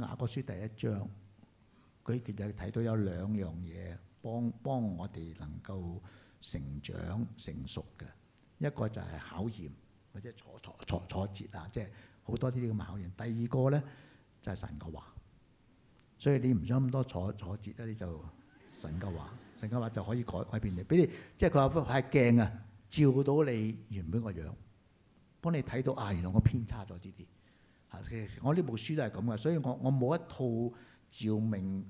雅各書第一章，佢其實睇到有兩樣嘢幫幫我哋能夠成長成熟嘅，一個就係考驗或者挫挫挫挫折啊，即係好多啲咁考驗。第二個咧就係、是、神嘅話，所以你唔想咁多挫挫折咧，你就～神嘅話，神嘅話就可以改改變你。俾你，即係佢話幅塊鏡啊，照到你原本個樣，幫你睇到啊，原來我偏差咗啲啲。啊，我呢部書都係咁嘅，所以我我冇一套召命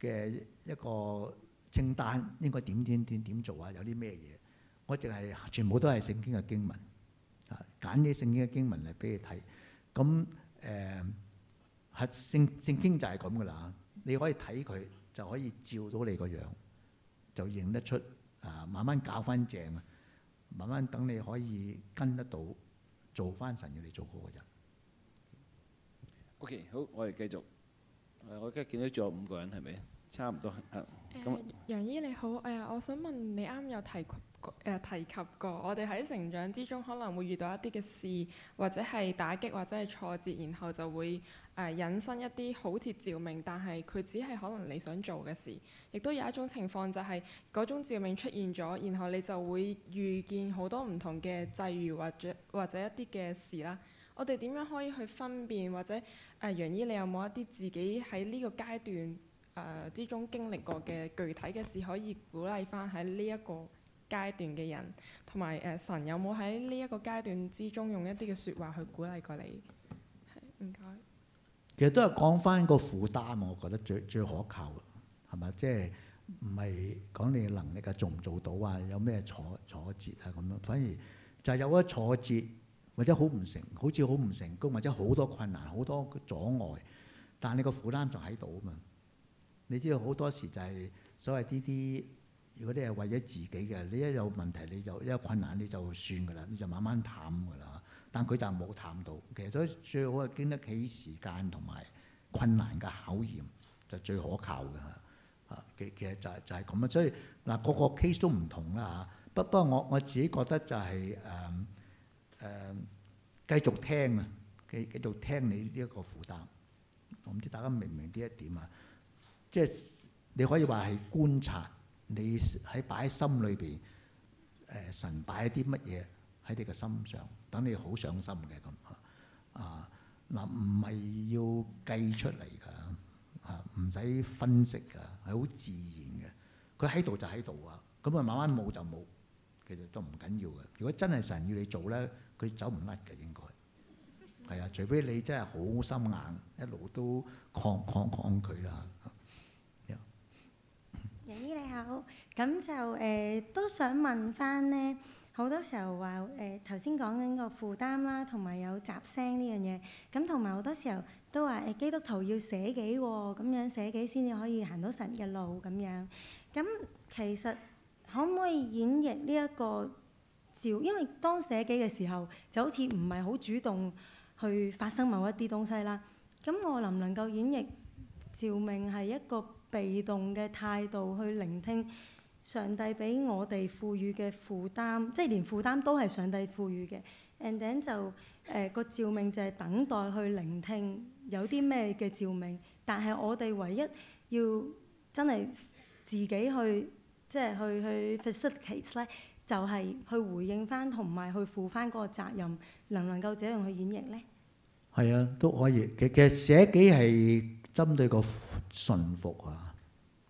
嘅一個清單，應該點點點點做啊？有啲咩嘢？我淨係全部都係聖經嘅經文啊，揀啲聖經嘅經文嚟俾你睇。咁誒係聖聖經就係咁㗎啦。你可以睇佢。就可以照到你個樣，就認得出。啊，慢慢搞翻正啊，慢慢等你可以跟得到，做翻神要你做嗰個人。O、okay、OK，好，我哋繼續。呃、我而家見到仲有五個人，係咪？差唔多。誒、啊，楊、呃、楊姨你好。誒、呃，我想問你啱有提誒、呃、提及過，我哋喺成長之中可能會遇到一啲嘅事，或者係打擊，或者係挫折，然後就會。誒引申一啲好似召命，但係佢只係可能你想做嘅事。亦都有一種情況就係、是、嗰種召命出現咗，然後你就會遇見好多唔同嘅際遇或者或者一啲嘅事啦。我哋點樣可以去分辨或者誒、啊、楊醫，你有冇一啲自己喺呢個階段誒、呃、之中經歷過嘅具體嘅事，可以鼓勵翻喺呢一個階段嘅人？同埋誒神有冇喺呢一個階段之中用一啲嘅說話去鼓勵過你？係，唔該。其實都係講返個負擔，我覺得最最可靠，係咪？即係唔係講你能力啊，做唔做到啊，有咩挫挫折啊咁樣？反而就係有咗挫折或者好唔成，好似好唔成功或者好多困難、好多阻礙，但係你個負擔仲喺度啊嘛？你知道好多時就係所謂啲啲，如果你係為咗自己嘅，你一有問題你就一有困難你就算㗎啦，你就慢慢淡㗎啦。但佢就冇探到，其實最最好係經得起時間同埋困難嘅考驗，就是、最可靠嘅嚇。啊，其其實就係就係咁啊，所以嗱個個 case 都唔同啦嚇。不不過我我自己覺得就係誒誒繼續聽啊，繼繼續聽你呢一個負擔。我唔知大家明唔明呢一點啊？即、就、係、是、你可以話係觀察你喺擺喺心裏邊誒神擺啲乜嘢。喺你嘅心上，等你好上心嘅咁啊！嗱、啊，唔、啊、係要計出嚟噶，嚇唔使分析噶，係好自然嘅。佢喺度就喺度啊，咁啊慢慢冇就冇，其實都唔緊要嘅。如果真係神要你做咧，佢走唔甩嘅應該。係啊，除非你真係好心硬，一路都抗抗抗拒啦。楊醫、啊 yeah. 你好，咁就誒、呃、都想問翻咧。好多時候話誒頭先講緊個負擔啦，同埋有，有雜聲呢樣嘢，咁同埋好多時候都話誒、欸、基督徒要捨己喎，咁樣捨己先至可以行到神嘅路咁樣。咁其實可唔可以演繹呢一個召？因為當捨己嘅時候，就好似唔係好主動去發生某一啲東西啦。咁我能唔能夠演繹召命係一個被動嘅態度去聆聽？上帝俾我哋賦予嘅負擔，即係連負擔都係上帝賦予嘅，and then 就誒個召命就係等待去聆聽有啲咩嘅召命。但係我哋唯一要真係自己去即係去去 facilitate，就係、是、去回應翻同埋去負翻嗰個責任，能唔能夠這樣去演繹咧？係啊，都可以嘅嘅寫記係針對個順服啊，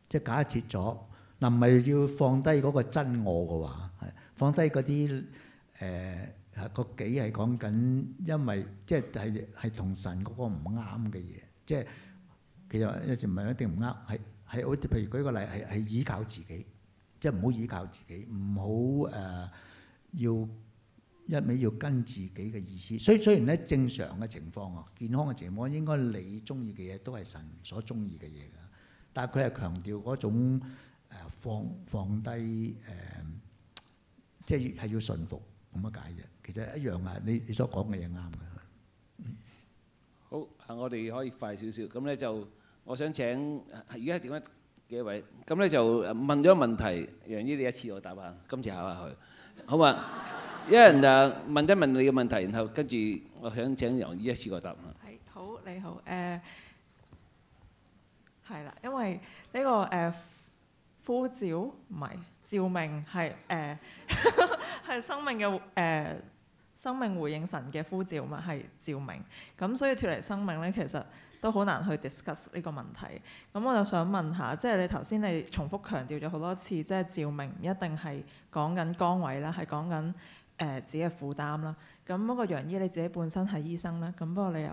即係假設咗。嗱，唔係要放低嗰個真我嘅話，係放低嗰啲誒，係、呃嗰個己係講緊，因為即係係係同神嗰個唔啱嘅嘢，即係其實有時唔係一定唔啱，係係好譬如舉個例係係依靠自己，即係唔好依靠自己，唔好誒要一味要跟自己嘅意思。所以雖然咧正常嘅情況啊，健康嘅情況應該你中意嘅嘢都係神所中意嘅嘢㗎，但係佢係強調嗰種。放放低誒，即係係要順服咁樣解嘅。其實一樣啊，你你所講嘅嘢啱㗎。好，我哋可以快少少。咁咧就，我想請，而家點解幾位？咁咧就問咗問題，楊醫你一次過答啊，今次考下佢。好啊，一人就問一問你嘅問題，然後跟住我想請楊醫一次過答。係，好你好，誒，係啦，因為呢個誒。呼召唔係召命，係誒係生命嘅誒、呃、生命回應神嘅呼召嘛，係召命。咁所以脫離生命咧，其實都好難去 discuss 呢個問題。咁我就想問下，即係你頭先你重複強調咗好多次，即係召命唔一定係講緊崗位啦，係講緊誒自己嘅負擔啦。咁不過楊醫你自己本身係醫生啦，咁不過你又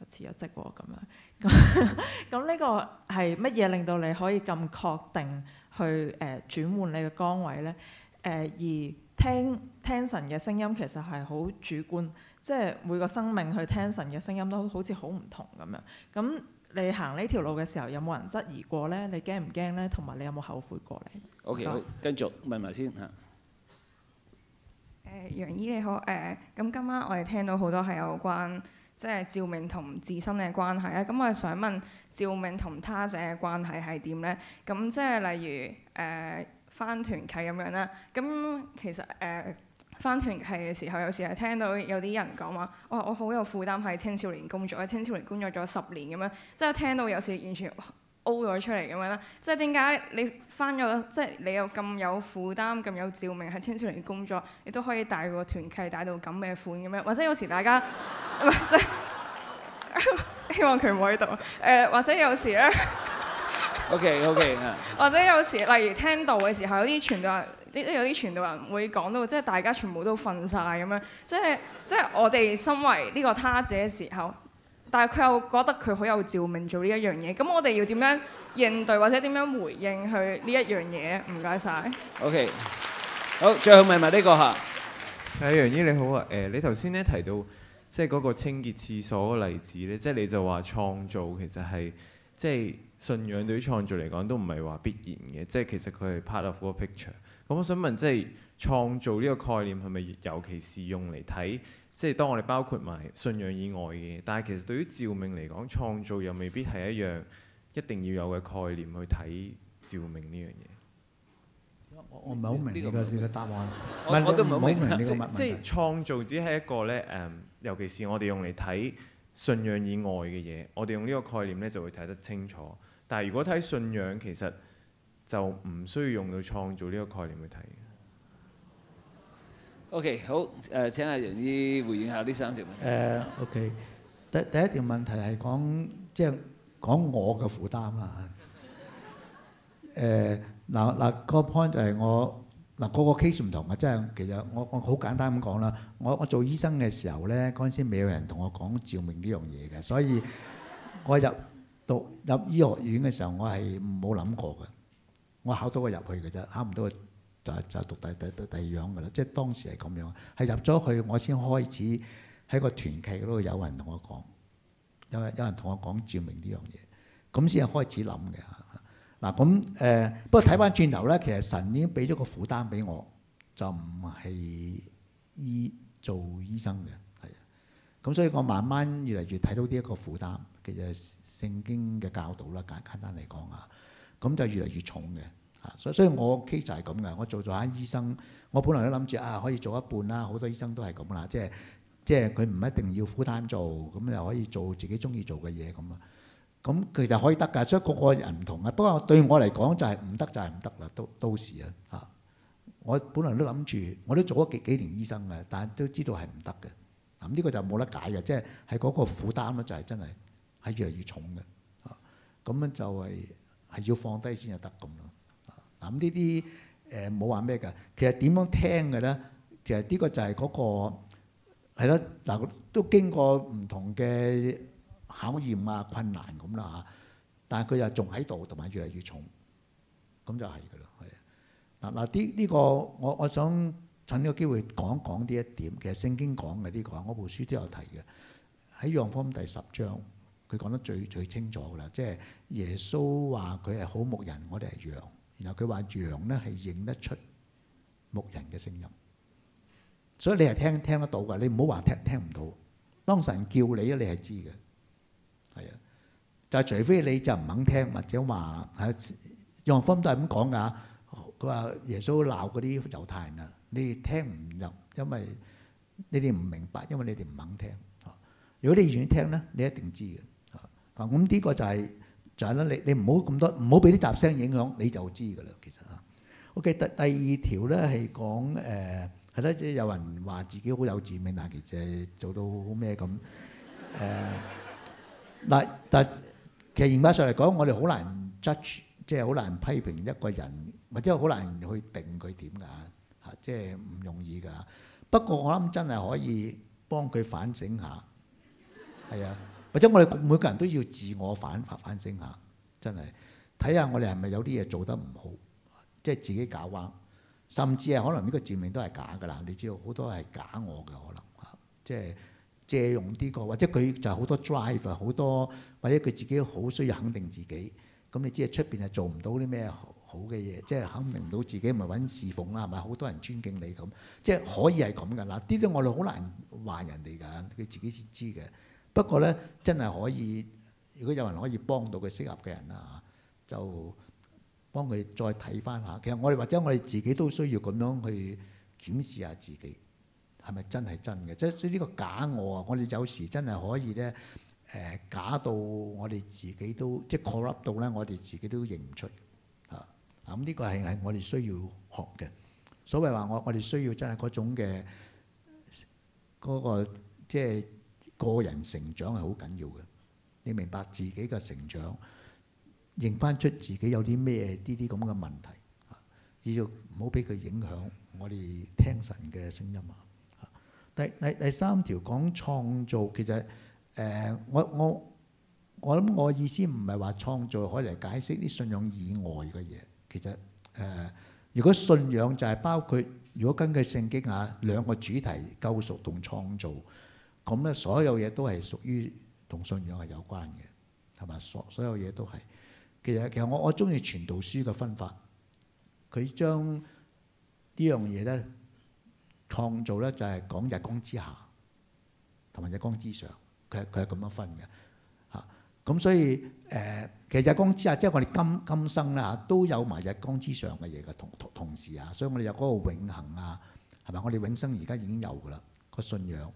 又辭又職喎，咁、啊、樣咁咁呢個係乜嘢令到你可以咁確定？去誒、呃、轉換你嘅崗位咧，誒、呃、而聽聽神嘅聲音其實係好主觀，即係每個生命去聽神嘅聲音都好似好唔同咁樣。咁你行呢條路嘅時候，有冇人質疑過咧？你驚唔驚咧？同埋你有冇後悔過咧？O K，好，繼續 Okay, So,、okay, 問埋先嚇。誒楊、呃、醫你好，誒、呃、咁今晚我哋聽到好多係有關。即係召命同自身嘅關係咧，咁我想問召命同他者嘅關係係點呢？咁即係例如誒、呃、返團契咁樣啦。咁其實誒、呃、返團契嘅時候，有時係聽到有啲人講話，哇！我好有負擔喺青少年工作，喺青少年工作咗十年咁樣，即係聽到有時完全。O 咗出嚟咁樣啦，即係點解你翻咗即係你有咁有負擔、咁有照明喺青少年工作，你都可以帶個團契帶到咁咩款咁樣。或者有時大家即係 希望佢唔好喺度誒，或者有時咧，OK OK 啊、yeah.，或者有時例如聽道嘅時候，有啲傳道人，啲有啲傳道人會講到即係大家全部都瞓晒咁樣，即係即係我哋身為呢個他者嘅時候。但係佢又覺得佢好有召命做呢一樣嘢，咁我哋要點樣應對或者點樣回應去呢一樣嘢？唔該晒 OK，好，最後問埋呢個哈。係楊醫你好啊，誒、呃、你頭先咧提到即係嗰個清潔廁所個例子咧，即係你就話創造其實係即係信仰對於創造嚟講都唔係話必然嘅，即係其實佢係 part of the picture。咁我想問，即係創造呢個概念係咪尤其是用嚟睇？即係當我哋包括埋信仰以外嘅嘢，但係其實對於召命嚟講，創造又未必係一樣一定要有嘅概念去睇召命呢樣嘢。我唔係好明呢、呢個你個答案。 我都唔係好明即。即係創造只係一個咧誒，尤其是我哋用嚟睇信仰以外嘅嘢，我哋用呢個概念咧就會睇得清楚。但係如果睇信仰，其實就唔需要用到創造呢個概念去睇。OK，好，誒請阿楊醫回應下呢三條問題。誒，OK，第第一條問題係講即係講我嘅負擔啦。誒，嗱嗱個 point 就係我嗱個個 case 唔同啊，即係其實我我好簡單咁講啦。我我做醫生嘅時候咧，嗰陣時未有人同我講召命呢樣嘢嘅，所以我入讀入醫學院嘅時候，我係冇諗過嘅。我考到我入去嘅啫，考唔到我。就就讀第第第第二樣嘅啦，即係當時係咁樣，係入咗去我先開始喺個團契嗰度有人同我講，有有有人同我講召命呢樣嘢，咁先係開始諗嘅。嗱咁誒，不過睇翻轉頭咧，其實神已經俾咗個負擔俾我，就唔係醫做醫生嘅，係啊。咁所以我慢慢越嚟越睇到呢一個負擔，其實聖經嘅教導啦，簡簡單嚟講啊，咁就越嚟越重嘅。所以所以我 case 就係咁嘅。我做咗下醫生，我本來都諗住啊，可以做一半啦。好多醫生都係咁啦，即係即係佢唔一定要 full time 做，咁、嗯、又可以做自己中意做嘅嘢咁啊。咁、嗯嗯、其實可以得㗎，所以個個人唔同啊。不過對我嚟講就係唔得就係唔得啦，到到時啊嚇、嗯。我本來都諗住，我都做咗幾幾年醫生嘅，但係都知道係唔得嘅。嗱、嗯、呢、這個就冇得解嘅，即係喺嗰個負擔就係真係係越嚟越重嘅啊。咁、嗯嗯嗯嗯、樣就係、是、係要放低先就得咁咯。嗯嗯嗯嗯咁呢啲誒冇話咩㗎？其實點樣聽嘅咧？其實呢個就係嗰、嗰個係咯嗱，都經過唔同嘅考驗啊、困難咁啦嚇。但係佢又仲喺度，同埋越嚟越重，咁就係㗎啦。係嗱嗱，啲、啊、呢、呢個我我想趁呢個機會講一講呢一點。其實聖經講嘅呢個，我部書都有提嘅喺《羊方》第十章，佢講得最最清楚啦。即係耶穌話：佢係好牧人，我哋係羊。然後佢話羊咧係認得出牧人嘅聲音，所以你係聽聽得到㗎，你唔好話聽聽唔到。當神叫你咧，你係知嘅，係啊。就係除非你就唔肯聽，或者話係楊芬都係咁講㗎。佢話耶穌鬧嗰啲猶太人啊，你哋聽唔入，因為你哋唔明白，因為你哋唔肯聽。如果你願意聽咧，你一定知嘅。啊，咁呢個就係。就係啦，你你唔好咁多，唔好俾啲雜聲影響，你就知噶啦。其實嚇，OK。第第二條咧係講誒，係啦，即係有人話自己好有智慧，但其實係做到好咩咁誒？嗱，但其實嚴格上嚟講，我哋好難 judge，即係好難批評一個人，或者好難去定佢點㗎嚇，即係唔容易㗎。不過我諗真係可以幫佢反省下，係啊。或者我哋每個人都要自我反發反省下，真係睇下我哋係咪有啲嘢做得唔好，即係自己搞彎，甚至係可能呢個字面都係假㗎喇。你知道好多係假我嘅，可能即係借用呢個，或者佢就係好多 drive 啊，好多或者佢自己好需要肯定自己。咁你知啊，出邊係做唔到啲咩好嘅嘢，即係肯定唔到自己，唔係揾侍奉啦，係咪好多人尊敬你咁，即係可以係咁㗎喇。呢啲我哋好難話人哋㗎，佢自己先知嘅。不過呢，真係可以，如果有人可以幫到佢適合嘅人啊，就幫佢再睇翻下。其實我哋或者我哋自己都需要咁樣去檢視下自己，係咪真係真嘅？即係呢個假我啊，我哋有時真係可以呢，誒假到我哋自己都即係 corrupt 到呢，我哋自己都認唔出啊。咁呢個係係我哋需要學嘅。所謂話我我哋需要真係嗰種嘅嗰個即係。個人成長係好緊要嘅，你明白自己嘅成長，認翻出自己有啲咩啲啲咁嘅問題，只要唔好俾佢影響我哋聽神嘅聲音啊！第第第三條講創造，其實誒、呃，我我我諗我意思唔係話創造可以嚟解釋啲信仰以外嘅嘢，其實誒、呃，如果信仰就係包括，如果根據聖經啊，兩個主題：救贖同創造。咁咧，所有嘢都係屬於同信仰係有關嘅，係嘛？所所有嘢都係，其實其實我我中意傳道書嘅分法，佢將呢樣嘢咧創造咧就係講日光之下同埋日光之上，佢佢係咁樣分嘅嚇。咁所以誒、呃，其實日光之下即係、就是、我哋今今生咧都有埋日光之上嘅嘢嘅，同同同時啊，所以我哋有嗰個永恆啊，係咪？我哋永生而家已經有㗎啦、個信仰。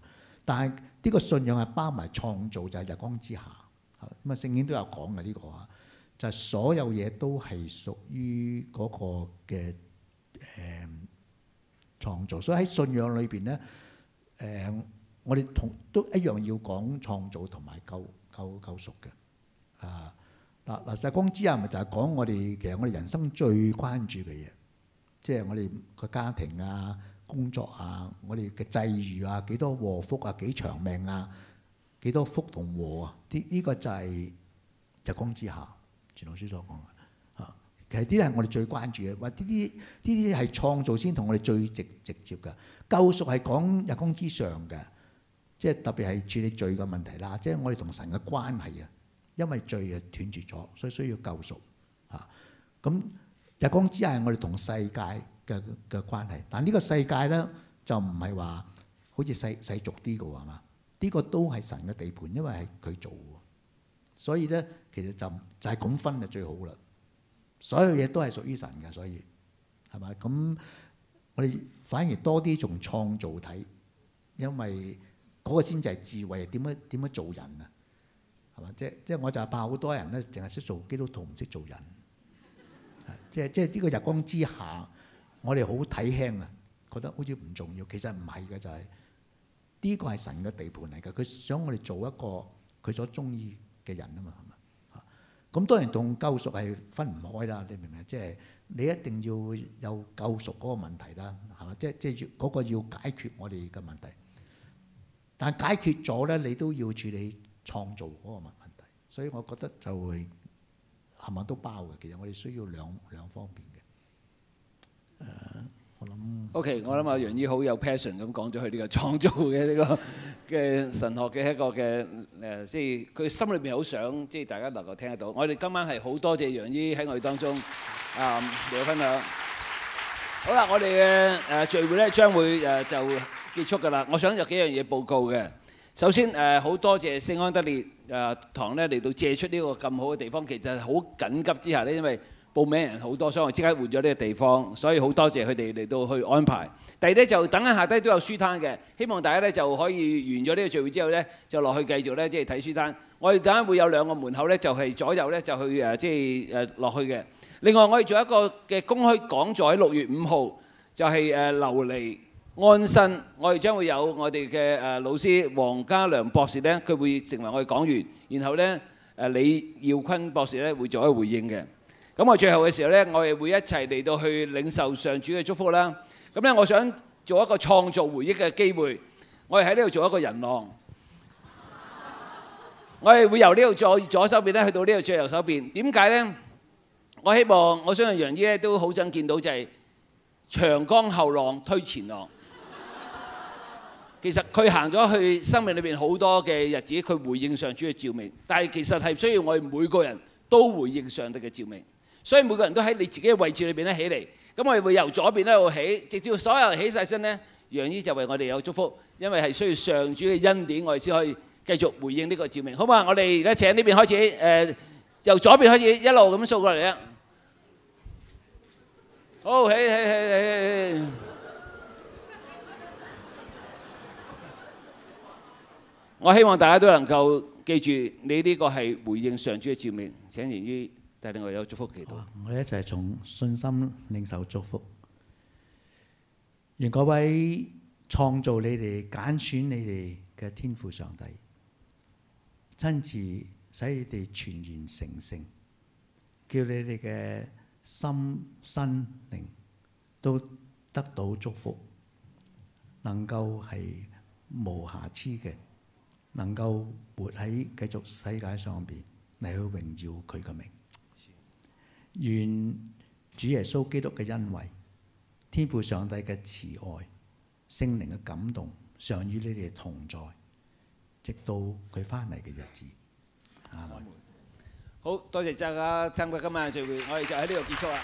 但係呢個信仰係包埋創造，就係日光之下，咁啊聖經都有講嘅呢個啊，就係所有嘢都係屬於嗰個嘅誒創造，所以喺信仰裏邊咧，誒我哋同都一樣要講創造同埋救救救贖嘅啊，嗱，日光之下咪就係講我哋其實我哋人生最關注嘅嘢，即係我哋個家庭啊。工作啊，我哋嘅際遇啊，幾多禍福啊，幾長命啊，幾多福同禍啊？啲呢、呢個就係日光之下，全老師所講嘅嚇。其實呢啲係我哋最關注嘅，話啲啲啲係創造先同我哋最直直接嘅。救贖係講日光之上嘅，即係特別係處理罪嘅問題啦。即係我哋同神嘅關係啊，因為罪啊斷絕咗，所以需要救贖嚇。咁、嗯嗯、日光之下係我哋同世界。嘅嘅關係，但呢個世界咧就唔係話好似世世俗啲嘅喎，係嘛？呢、這個都係神嘅地盤，因為係佢做，所以咧其實就就係咁分就最好啦。所有嘢都係屬於神嘅，所以係咪？咁我哋反而多啲從創造睇，因為嗰個先至係智慧，點樣點樣做人啊？係嘛？即係、即係、我就怕好多人咧，淨係識做基督徒，唔識做人。即即呢個日光之下。我哋好睇輕啊，覺得好似唔重要，其實唔係嘅，就係呢個係神嘅地盤嚟嘅，佢想我哋做一個佢所中意嘅人啊嘛，係嘛？咁當然同救贖係分唔開啦，你明唔明？即係你一定要有救贖嗰個問題啦，係嘛？即即要嗰個要解決我哋嘅問題，但解決咗咧，你都要處理創造嗰個問問題。所以我覺得就會係咪都包嘅？其實我哋需要兩兩方面。誒，我諗 O K，我諗阿楊醫好有 passion 咁講咗佢呢個創造嘅呢個嘅神學嘅一個嘅誒，即係佢心裏邊好想，即係大家能夠聽得到。我哋今晚係好多謝楊醫喺我哋當中啊，嚟到分享。好啦，我哋嘅誒聚會咧將會誒就結束噶啦。我想有幾樣嘢報告嘅。首先誒，好多謝聖安德烈誒堂咧嚟到借出呢個咁好嘅地方，其實係好緊急之下咧，因為。報名人好多，所以我即刻換咗呢個地方，所以好多謝佢哋嚟到去安排。第二呢，就等下下低都有書攤嘅，希望大家呢就可以完咗呢個聚會之後呢就落去繼續呢即係睇書攤。我哋等下會有兩個門口呢，就係左右呢就去誒即係誒落去嘅。另外我哋做一個嘅公開講座喺六月五號，就係誒流離安身。我哋將會有我哋嘅誒老師黃家良博士呢，佢會成為我哋講員，然後呢誒李耀坤博士呢會做一個回應嘅。咁我最後嘅時候咧，我哋會一齊嚟到去領受上主嘅祝福啦。咁咧，我想做一個創造回憶嘅機會，我哋喺呢度做一個人浪。我哋會由呢度左左手邊咧，去到呢度最右手邊。點解咧？我希望我相信楊醫咧都好想見到就係長江後浪推前浪。其實佢行咗去生命裏邊好多嘅日子，佢回應上主嘅召命，但係其實係需要我哋每個人都回應上帝嘅召命。所以每個人都喺你自己嘅位置裏邊咧起嚟，咁我哋會由左邊咧起，直至所有起曬身咧，楊醫就為我哋有祝福，因為係需要上主嘅恩典，我哋先可以繼續回應呢個召命。好嘛？我哋而家請呢邊開始，誒由左邊開始一路咁掃過嚟啊！好，起，起，起，起，起！我希望大家都能夠記住，你呢個係回應上主嘅召命。請楊醫。但係，另外有祝福祈禱。我哋一齊從信心領受祝福，願嗰位創造你哋、揀選你哋嘅天父上帝，親自使你哋全然成聖，叫你哋嘅心、身、靈都得到祝福，能夠係無瑕疵嘅，能夠活喺繼續世界上邊嚟去榮耀佢嘅名。願主耶穌基督嘅恩惠、天父上帝嘅慈愛、聖靈嘅感動，常與你哋同在，直到佢翻嚟嘅日子。阿門。好多謝大家參加今晚嘅聚會，我哋就喺呢度結束啦。